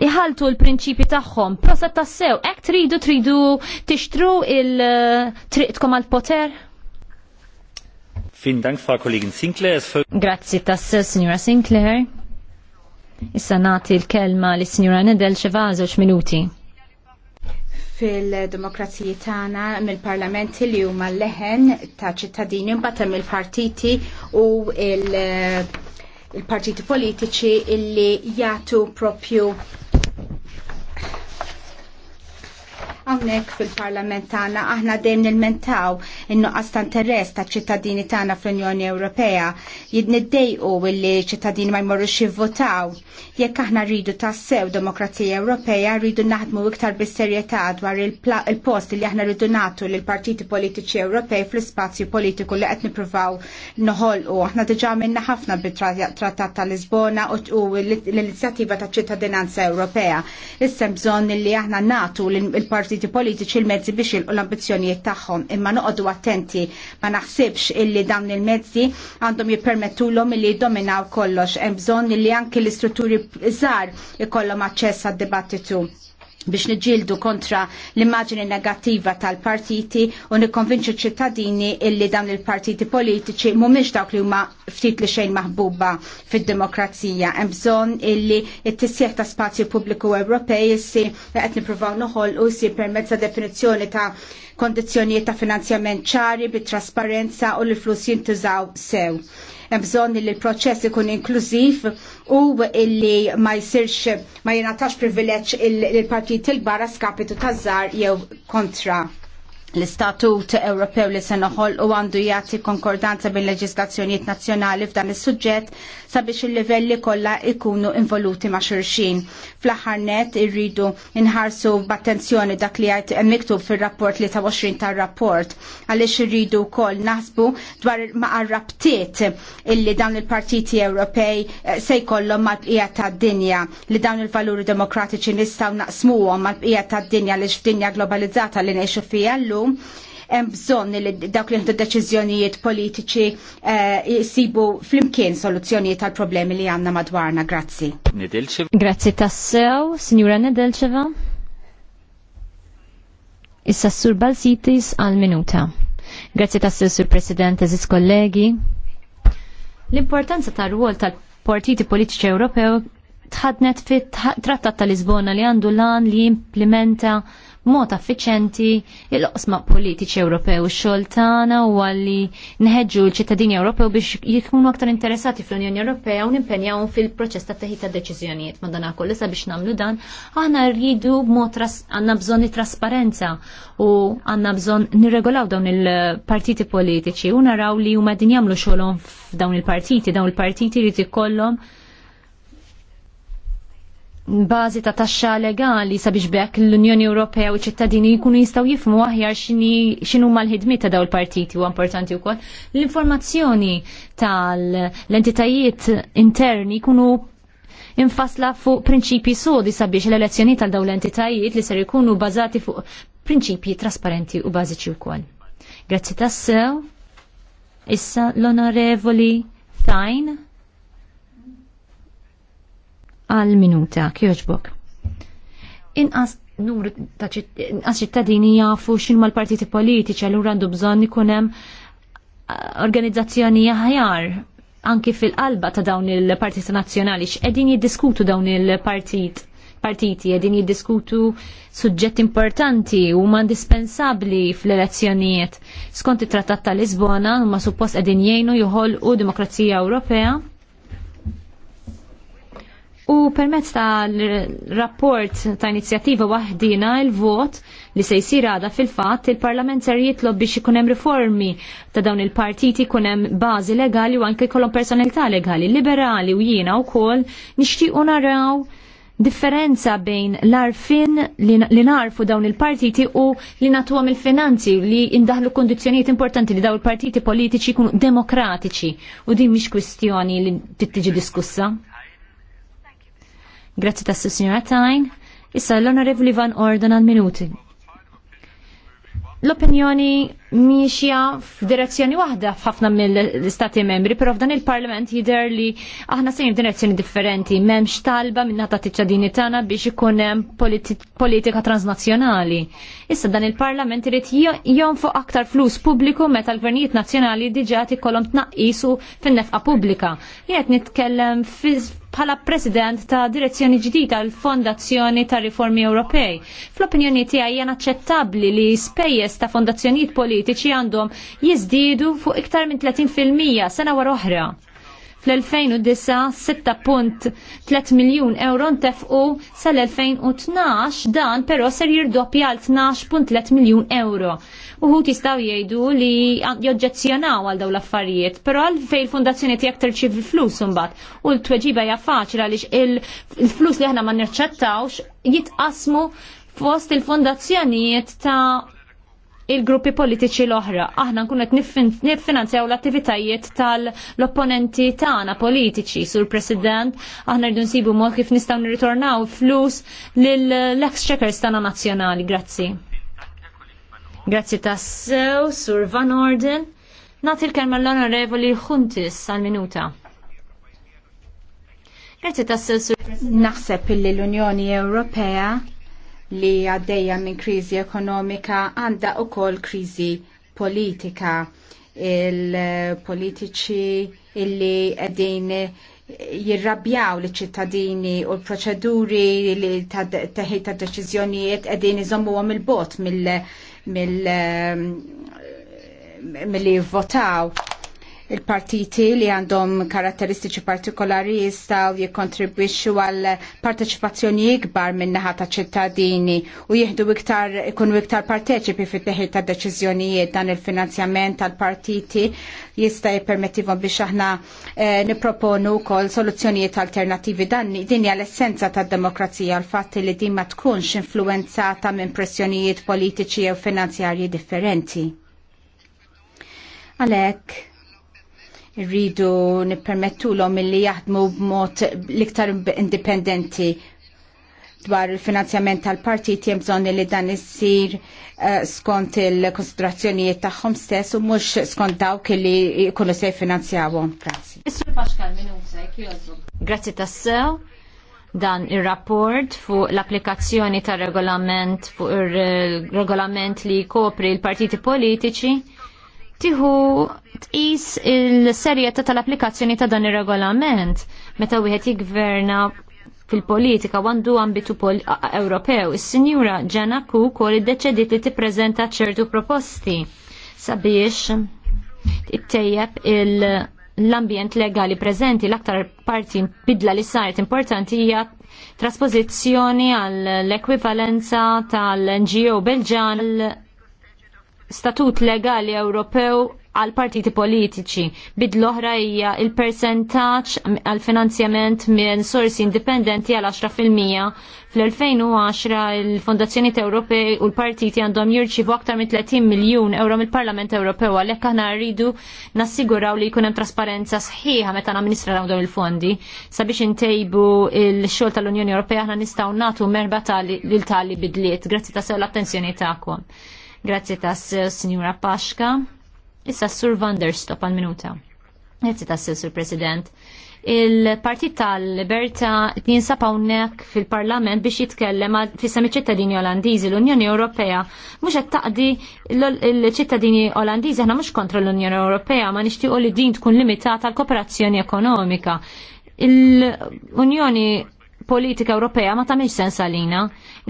iħaltu l-prinċipi tagħhom. Prosa tassew, ek tridu tridu tixtru il-triqtkom għal-poter? Fin dank fa' kollegin Sinclair. Grazzi tassew, signora Sinclair. Issa nati l-kelma li signora Nedel xevaza minuti. Fil-demokrazija tagħna mill-parlamenti li huma l-leħen ta' ċittadini mbagħad mill-partiti u il- il-partiti politiċi illi jagħtu propju Għawnek fil-parlament tagħna aħna dejjem nil in innu għastan interess ta' ċittadini tagħna fl-Unjoni Ewropea jidniddejqu illi ċittadini ma jmorrux jivvotaw. Jekk aħna rridu tassew demokrazija Ewropea rridu naħdmu iktar bis-serjetà dwar il-post li aħna rridu nagħtu l partiti politiċi Ewropej fl-ispazju politiku li qed nippruvaw noħolqu. Aħna diġà minna ħafna bit-Trattat ta' Lisbona u l-inizjattiva ta' ċittadinanza Ewropea. Issa bżonn li aħna nagħtu l partiti partiti politiċi l-mezzi biex il l-ambizjonijiet tagħhom, imma noqogħdu attenti ma naħsibx illi dawn il-mezzi għandhom jippermettulhom illi jiddominaw kollox hemm bżonn illi anke l-istrutturi żgħar ikollhom aċċess għad-dibattitu biex niġildu kontra l-immaġini negattiva tal-partiti u nikkonvinċu ċittadini illi dawn il-partiti politiċi mumiex dawk li huma ftit li xejn maħbuba fid-demokrazija. Hemm bżonn illi t-tisjeħ ta' spazju pubbliku Ewropej issi qed nippruvaw noħol u permezza permezz ta' definizzjoni ta' kondizjonijiet ta' finanzjament ċari bit trasparenza u li flus jintużaw sew. Hemm bżonn li l-proċess ikun inklużiv u illi ma jsirx ma jingħatax privileġġ il-partit il-barra skapitu ta' żar jew kontra l-istatut Ewropew li se noħol u għandu jagħti konkordanza bil leġislazzjonijiet nazzjonali f'dan is-suġġett sabiex il-livelli kollha ikunu involuti ma' xulxin. Fl-aħħar net irridu nħarsu b'attenzjoni dak li għajt miktub fir-rapport li ta' 20 tar-rapport għaliex irridu wkoll naħsbu dwar ma' rabtiet illi dawn il-partiti Ewropej eh, se jkollhom mal-bqija tad-dinja li dawn il-valuri demokratiċi nistgħu naqsmuhom mal-bqija tad-dinja li x'dinja globalizzata li ngħixu fiha llum illum hemm bżonn li dawk li għandu deċiżjonijiet politiċi eh, jsibu flimkien soluzzjonijiet tal-problemi li għandna madwarna. Grazzi. Grazzi tassew, Signora Nedelċeva. Issa s-sur Balsitis għal-minuta. Grazzi tassew, Sur President, eżis kollegi. L-importanza tal-ruol tal-partiti politiċi Ewropew tħadnet fit trattat tal-Lisbona li għandu lan li implementa mod affiċenti il-qosma politiċi Ewropew xogħol tagħna u għalli nħedġu l-ċittadini Ewropew biex jikunu aktar interessati fl-Unjoni Ewropea u nimpenjaw fil-proċess ta' teħita deċiżjonijiet madanakollu sabiex nagħmlu dan aħna rridu b'mod għandna bżonn trasparenza u għandna bżonn nirregolaw dawn il-partiti politiċi u naraw li huma din jagħmlu xogħolhom f'dawn il-partiti, dawn il-partiti jrid ikollhom bażi ta' taxxa legali sabiex bekk l-Unjoni Ewropea u ċittadini jkunu jistgħu jifmu aħjar x'inhu mal-ħidmiet ta' daw il-partiti u importanti wkoll l-informazzjoni tal-entitajiet interni jkunu infasla fuq prinċipji sodi sabiex l-elezzjoni tal dawn l-entitajiet li ser ikunu bazati fuq prinċipji trasparenti u bażiċi wkoll. Grazzi tassew. Issa l-onorevoli Thine għal minuta kjoġbok. Inqas nur ta' ċittadini jafu x'inhuma l-partiti politiċi allura għandu bżonn ikun hemm organizzazzjoni aħjar anki fil-qalba ta' dawn il-partiti nazzjonali x'qegħdin jiddiskutu dawn il-partit partiti qegħdin jiddiskutu suġġett importanti u ma indispensabbli fl-elezzjonijiet. Skont it-Trattat ta' Lisbona huma suppost qegħdin jgħinu joħolqu demokrazija Ewropea U permezz ta' rapport ta' inizjattiva waħdina il-vot li se jisir għada fil-fatt il-Parlament ser jitlob biex ikun hemm riformi ta' dawn il-partiti kunem hemm bażi legali u anke jkollhom personalità legali, liberali u jiena wkoll nixtiequ naraw differenza bejn l-arfin li narfu dawn il-partiti u li natuhom il-finanzi li indaħlu kondizjoniet importanti li daw il-partiti politiċi kunu demokratiċi u din mhix kwistjoni li tittiġi diskussa. Grazzi tas signora Tajn. Issa l-Onorevoli Van Orden għal minuti. L-opinjoni miexja f'direzzjoni waħda f'ħafna mill-istati membri, però f'dan il-parlament jider li aħna sejn f'direzzjoni differenti, memx talba minna ta' tiċċadini tagħna biex ikun hemm politika transnazzjonali. Issa dan il-parlament irid jonfoq aktar flus pubbliku meta l-gvernijiet nazzjonali diġà kolom tnaqqisu fin-nefqa pubblika. Jiet nitkellem bħala president ta' direzzjoni ġdida l fondazzjoni ta' riformi Ewropej. Fl-opinjoni tiegħi hija naċċettabbli li spejjeż ta' fondazzjonijiet politiċi għandhom jiżdiedu fuq iktar minn 30% sena wara oħra. Fl-2009 6.3 miljun euro ntefqu sal-2012 dan però ser jirdoppja għal 12.3 miljun euro. Uħu tistaw jgħidu li joġġezzjonaw għal daw l-affarijiet, però għal fej il-fundazzjoni tiegħek terċiv flus imbagħad u l-tweġiba hija faċli għaliex il-flus li aħna ma nirċettawx jitqasmu fost il-fondazzjonijiet ta' il-gruppi politiċi l-oħra. Aħna nkunu qed niffinanzjaw l-attivitajiet tal-opponenti tagħna politiċi sur President, aħna rridu nsibu mod kif nistgħu nirritornaw flus lill-excheckers tagħna nazzjonali. Grazzi. Grazzi tassew, Sur Van Orden. Nagħti l-kelma l-Onorevoli Huntis għal-minuta. Grazzi tassew, Sur President. Naħseb illi l-Unjoni Ewropea li għaddejja minn kriżi ekonomika għandha kol kriżi politika il-politiċi illi qegħdin jirrabjaw li ċittadini u l-proċeduri li teħid ta' deċiżjonijiet qegħdin iżommuhom il-bot mill- mill- votaw il-partiti li għandhom karatteristiċi partikolari jistaw jikontribwixxu għal parteċipazzjoni ikbar min-naħa ta' ċittadini u jieħdu iktar ikunu iktar parteċipi fit teħid ta' deċiżjonijiet dan il-finanzjament tal-partiti jista' jippermettivhom biex aħna eh, nipproponu wkoll soluzzjonijiet alternattivi dan din hija l-essenza tad-demokrazija l-fatt li din ma tkunx influenzata minn pressjonijiet politiċi jew finanzjarji differenti. Għalhekk, rridu nippermettulhom milli jaħdmu b'mod l-iktar indipendenti dwar il-finanzjament tal-partit hemm bżonn li dan issir eh, skont il-konsiderazzjonijiet tagħhom stess u mhux skont dawk li jkunu se jfinanzjawhom. Grazzi. Is-Sur Paxkal minn Grazzi tassew dan ir-rapport fuq l-applikazzjoni tar-regolament fuq ir-regolament li jkopri l-partiti politiċi tiħu tqis il-serjeta tal-applikazzjoni ta' dan ir-regolament meta wieħed jiggverna fil-politika għandu ambitu Ewropew. Is-Sinjura Ġana Cook u iddeċediet li tippreżenta ċertu proposti sabiex ittejjeb il- l-ambjent legali preżenti l-aktar parti bidla li sajt importanti hija trasposizzjoni għall ekwivalenza tal-NGO Belġan statut legali Ewropew għal partiti politiċi. Bid l-oħra hija il-percentaċ għal finanzjament minn sorsi indipendenti għal 10%. Fl-2010 il-Fondazzjoni Ewropej u l-partiti għandhom jirċivu aktar minn 30 miljun euro mill-Parlament Ewropew għalhekk aħna rridu nassiguraw li jkun hemm trasparenza sħiħa meta namministraw dawn il-fondi. Sabiex intejbu il-xogħol tal-Unjoni Ewropea aħna nistgħu nagħtu merba lil tali bidliet. Grazzi ta' sew l-attenzjoni tagħkom. Grazzi tas eh, Signora Paxka. Issa Sur Vanderstop għal minuta. Grazzi tas eh, Sur President. Il-Partit tal-Liberta jinsab hawnhekk fil-Parlament biex jitkellem fis-semi ċittadini Olandiżi l-Unjoni Ewropea mhux qed taqdi l-ċittadini Olandiżi aħna mhux kontra l-Unjoni Ewropea ma nixtiequ li din tkun limitata għal kooperazzjoni ekonomika. Il-Unjoni politika Ewropea ma tagħmilx sens għalina.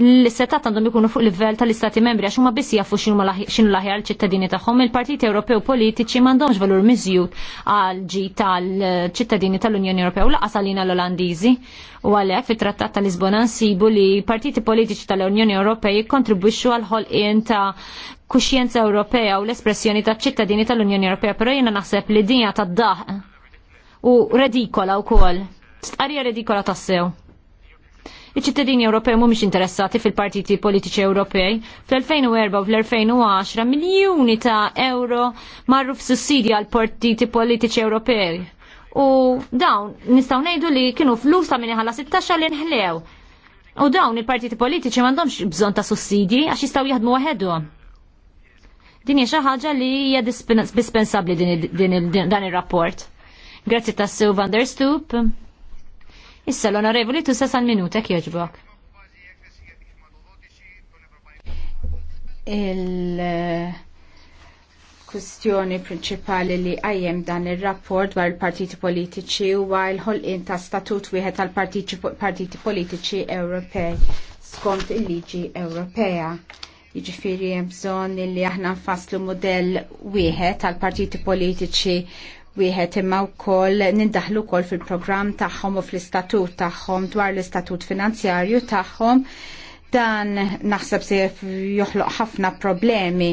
L-setat għandhom ikunu fuq livell tal-Istati membri għax huma biss jafu x'inhu l-aħjar ċittadini tagħhom. Il-partiti Ewropew politiċi m'għandhomx valur miżjud għal ġi tal-ċittadini tal-Unjoni Ewropea u laqas għalina l-Olandiżi. U għalhekk fit-Trattat tal-Lisbona nsibu li partiti politiċi tal-Unjoni Ewropea jikkontribwixxu għal ħolqien ta' kuxjenza Ewropea u l-espressjoni ta' ċittadini tal-Unjoni Ewropea, però jiena naħseb li dinja tad-daħ u redikola wkoll. Stqarrija redikola tassew. Iċ-ċittadini Ewropej mhumiex interessati fil-partiti politiċi Ewropej. Fl-2004 u fl-2010 miljuni ta' euro marru f'sussidja għal partiti politiċi Ewropej. U dawn nistgħu ngħidu li kienu flus ta' minn ħalla 16 li nħlew. U dawn il-partiti politiċi m'għandhomx bżonn ta' sussidji għax jistgħu jaħdmu waħedhom. Din hija xi ħaġa li hija dispensabbli dan ir-rapport. Grazzi tas Sue van der Stoop. Issa l-onorevoli tu sasan minutek jieġbok. Il kustjoni prinċipali li għajjem dan il-rapport dwar il-partiti politiċi huwa l-ħolqien ta' statut wieħed tal-partiti politiċi Ewropej skont il-liġi Ewropea. Jiġifieri hemm bżonn li aħna nfasslu mudell wieħed tal-partiti politiċi wieħed imma wkoll nindaħlu wkoll fil-programm tagħhom u fl-istatut tagħhom dwar l-istatut finanzjarju tagħhom dan naħseb se joħloq ħafna problemi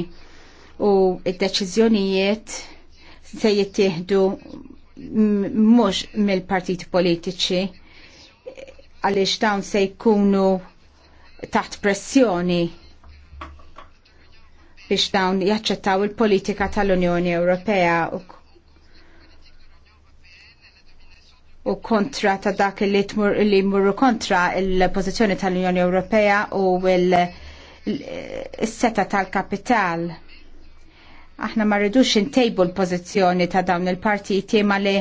u id-deċiżjonijiet se jittieħdu mhux mill-partiti politiċi għaliex dawn se jkunu taħt pressjoni biex dawn jaċċettaw il-politika tal-Unjoni Ewropea u u kontra ta' dak li jmurru kontra il-pozizjoni tal-Unjoni Ewropea u il-seta tal-kapital. Aħna ma rridux intejbu l pożizzjoni ta' dawn il-partiti ma li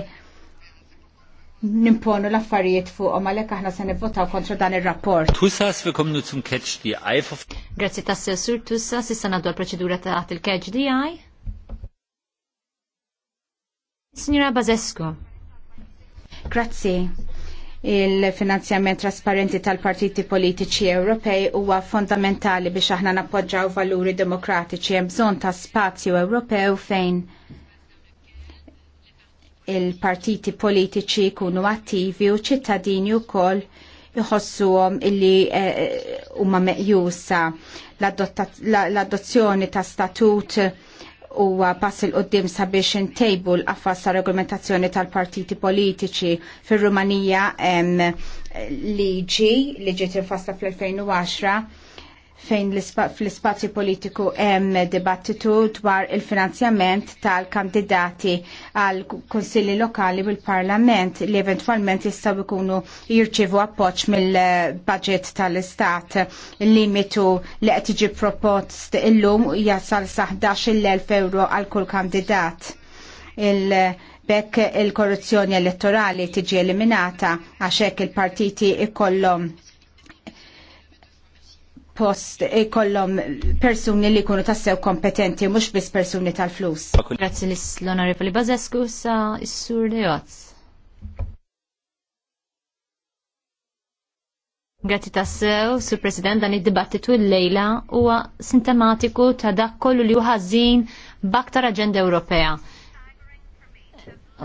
nimponu l-affarijiet fuq u malek aħna se nivvotaw kontra dan il-rapport. Tussas fi komnu zum catch di għaj. Grazzi ta' s-sessur Tussas, issa naddu l-proċedura ta' il-catch di għaj. Signora Bazesco. Grazzi il-finanzjament trasparenti tal-partiti politiċi Ewropej huwa fondamentali biex aħna nappoġġaw valuri demokratiċi hemm bżonn ta' spazju Ewropew fejn il-partiti politiċi jkunu attivi u ċittadini wkoll iħossuhom illi eh, huma meqjusa l-adozzjoni ta' statut huwa pass il qoddim sabiex intejbu l affas ta' regolamentazzjoni tal-partiti politiċi fir-Rumanija liġi li ġiet infassla fl-2010 fejn fl-ispazju politiku hemm dibattitu dwar il-finanzjament tal-kandidati għal konsilli lokali bil-parlament li eventwalment jistgħu jkunu jirċivu appoġġ mill-budget tal-istat. Il-limitu li qed iġi propost illum jasal sa 11 euro għal kull kandidat il-bekk il-korruzzjoni elettorali tiġi eliminata għax hekk il-partiti ikollhom post ikollhom persuni li jkunu tassew kompetenti mhux biss persuni tal-flus. Grazzi l-Onorevoli Bazescu sa s-Sur Leoz. Grazzi tassew, Sur President, dan id-dibattitu l-lejla huwa sintematiku ta' dak kollu li ħażin b'aktar aġenda Ewropea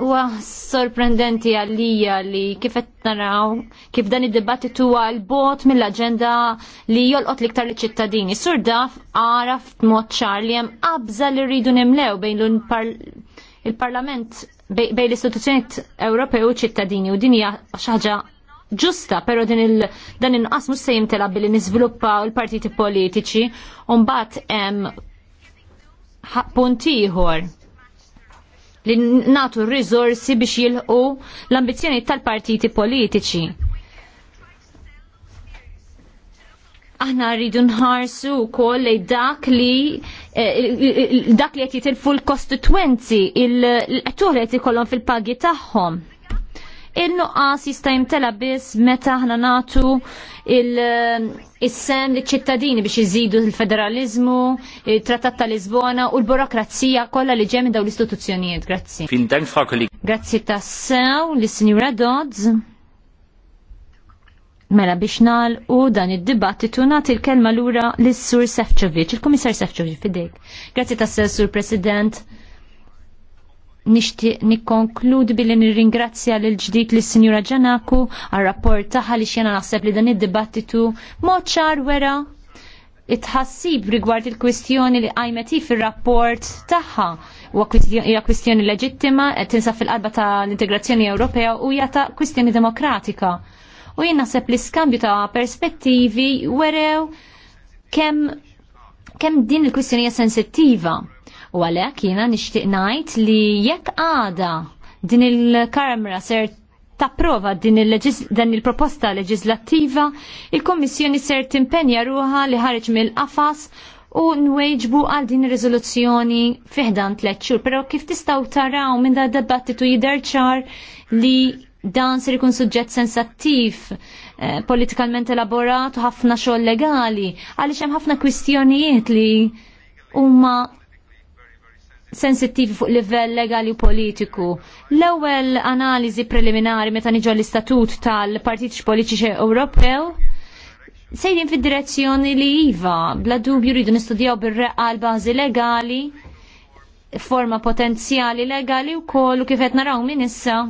Wa sorprendenti għalija li kif qed naraw kif dan id-dibattitu għal bot mill-aġenda li jolqot liktar li ċittadini. Sur daf għaraf f'mod ċar li hemm qabża li rridu nimlew bejn il-Parlament bejn l-istituzzjonijiet Ewropew u ċittadini u din hija xi ħaġa ġusta, pero din il, dan inqas mhux se jimtela billi niżviluppa l-partiti politiċi u mbagħad hemm puntiħor. ieħor li natu r-rizorsi biex jilħu l-ambizjoni tal-partiti politiċi. Aħna rridu nħarsu wkoll lejn dak li eh, dak li qed jitilfu l-kostituenzi, il-qed ikollhom fil-pagi tagħhom il-nuqqas jista' jimtela biss meta aħna natu il-sem li ċittadini biex iżidu il-federalizmu, il-trattat ta' Lisbona u l-burokrazija kollha li ġemmi daw l-istituzzjonijiet. Grazzi. Fin Grazzi ta' sew li sinjura Dodds. Mela biex nal u dan id-dibattitu nagħti l-kelma lura lis sur Sefcovic, il-Kummissar Sefcovic fidejk. Grazzi ta' sew, Sur President nixtieq nikkonkludi billi nirringrazzja lil ġdid lis sinjura Ġanaku għar rapport tagħha li xjena naħseb li dan id-dibattitu mod ċar wera itħassib rigward il-kwistjoni li għajmeti fil-rapport taħħa. Hija kwistjoni leġittima, qed tinsa fil-qalba ta' l-integrazzjoni Ewropea u hija ta' kwistjoni demokratika. U jien naħseb li skambju ta' perspettivi werew kemm kemm din il-kwistjoni hija sensittiva. U għalhekk jiena nixtieq ngħid li jekk għada din il-Kamra ser tapprova din il-proposta il leġislattiva, il komissjoni ser timpenja ruħa li ħareġ mill-qafas u nwejġbu għal din ir-riżoluzzjoni fiħdan tliet xhur, però kif tistgħu taraw minn da d-debattitu jidher ċar li dan ser ikun suġġett sensattiv, eh, politikalment elaborat u ħafna xogħol legali, għaliex hemm ħafna kwistjonijiet li huma sensittivi fuq livell legali u politiku. L-ewwel analiżi preliminari meta niġu l-istatut tal-Partit Politiċi Ewropew sejrin fid-direzzjoni li iva, bla dubju rridu nistudjaw bir-reqqa bażi legali, forma potenzjali legali u kif kifet naraw minn issa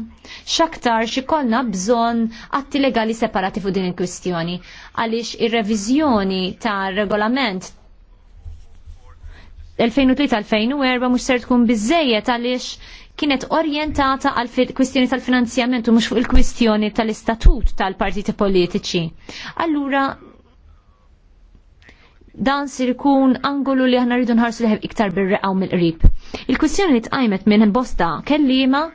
xaktar kollna bżon atti legali separati fuq din il-kwistjoni għaliex ir-reviżjoni tar regolament 2003-2004 mux ser tkun bizzejiet għaliex kienet orjentata għal kwistjoni tal-finanzjament u mux fuq il-kwistjoni tal-istatut tal-partiti politiċi. Allura, dan sir ikun angolu li aħna rridu nħarsu liħeb iktar bir-reqaw mill-qrib. Il-kwistjoni li tqajmet minn bosta kellima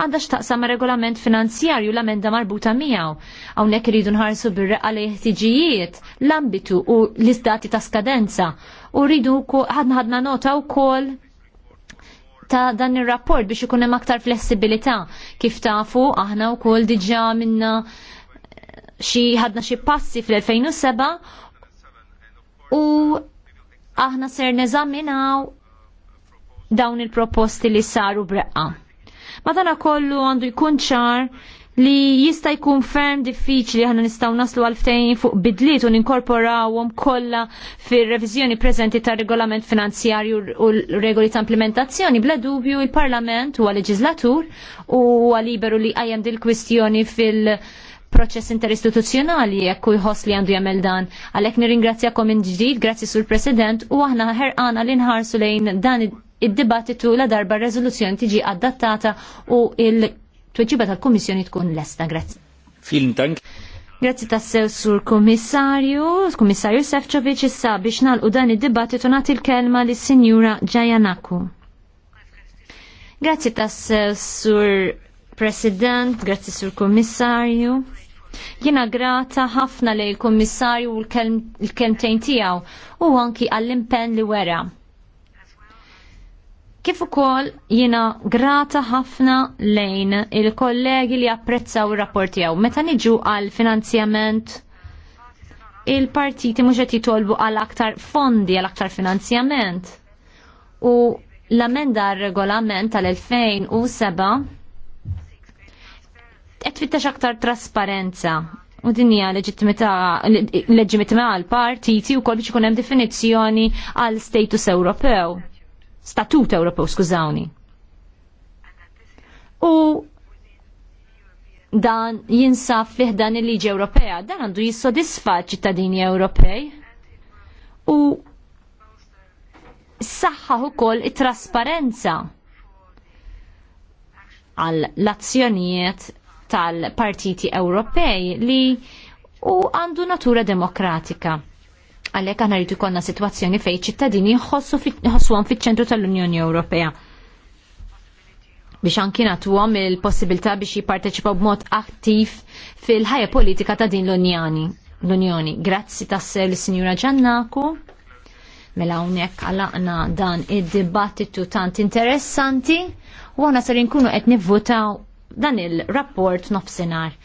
għandha x'taqsam regolament finanzjarju l-amenda marbuta miegħu. Hawnhekk iridu nħarsu bir reqa li ħtiġijiet, l-ambitu u l-istati ta' skadenza. U rridu ħadna ħadna nota wkoll ta' dan ir-rapport biex ikun hemm aktar flessibilità. Kif tafu aħna wkoll diġà minna eh, xi ħadna xi passi fl-2007 u aħna ser neżaminaw dawn il-proposti li saru breqqa dana kollu għandu jkun ċar li jista' jkun ferm diffiċli aħna nistgħu naslu għalftejn fuq bidliet u ninkorporawhom kollha fir-reviżjoni preżenti tar-regolament finanzjarju u regoli ta' implementazzjoni. Bla dubju il-Parlament huwa leġislatur u huwa liberu li qajjem dil-kwistjoni fil- proċess interistituzzjonali jekk jħoss li għandu jagħmel dan. Għalhekk nirringrazzjakom minn ġdid, grazzi sur President, u aħna ħerqana li nħarsu lejn dan id-dibattitu la darba rezoluzzjoni tiġi adattata u il-tweġiba tal komissjoni tkun lesta. Grazzi. Film tank. Grazzi tassew sur kommissarju, komissarju Sefcovic issa biex u dan id-dibattitu nagħti l-kelma lis sinjura Ġajanaku. Grazzi tassew sur President, grazzi sur Kommissarju. Jina grata ħafna lejn il u l-kelmtejn tiegħu u anki għall-impenn li wera Kif ukoll jiena grata ħafna lejn il-kollegi li apprezzaw ir-rapport tiegħu. Meta niġu għal finanzjament il-partiti mhux qed jitolbu għal aktar fondi għal aktar finanzjament. U l-amenda regolament tal-2007 qed tfittex aktar trasparenza u din hija leġittimità għall partiti wkoll biex ikun hemm definizzjoni għal status Ewropew statut Ewropew, skużawni. U dan jinsaf fih dan il-liġi Ewropea, dan għandu jissodisfa ċittadini Ewropej u saħħaħ ukoll it-trasparenza għall azzjonijiet tal-partiti Ewropej li u għandu natura demokratika. Għalhekk aħna rritu konna sitwazzjoni fejn ċittadini jħossuhom fiċ-ċentru tal-Unjoni Ewropea biex anki għom il-possibilità biex jipparteċipaw b'mod attiv fil-ħajja politika ta' din l unjoni L-Unjoni, grazzi tassew l-Sinjura Ġannaku. Mela hawnhekk għalaqna dan id-dibattitu tant interessanti u għana sarin kunu qed nivvutaw dan il-rapport nofsinhar.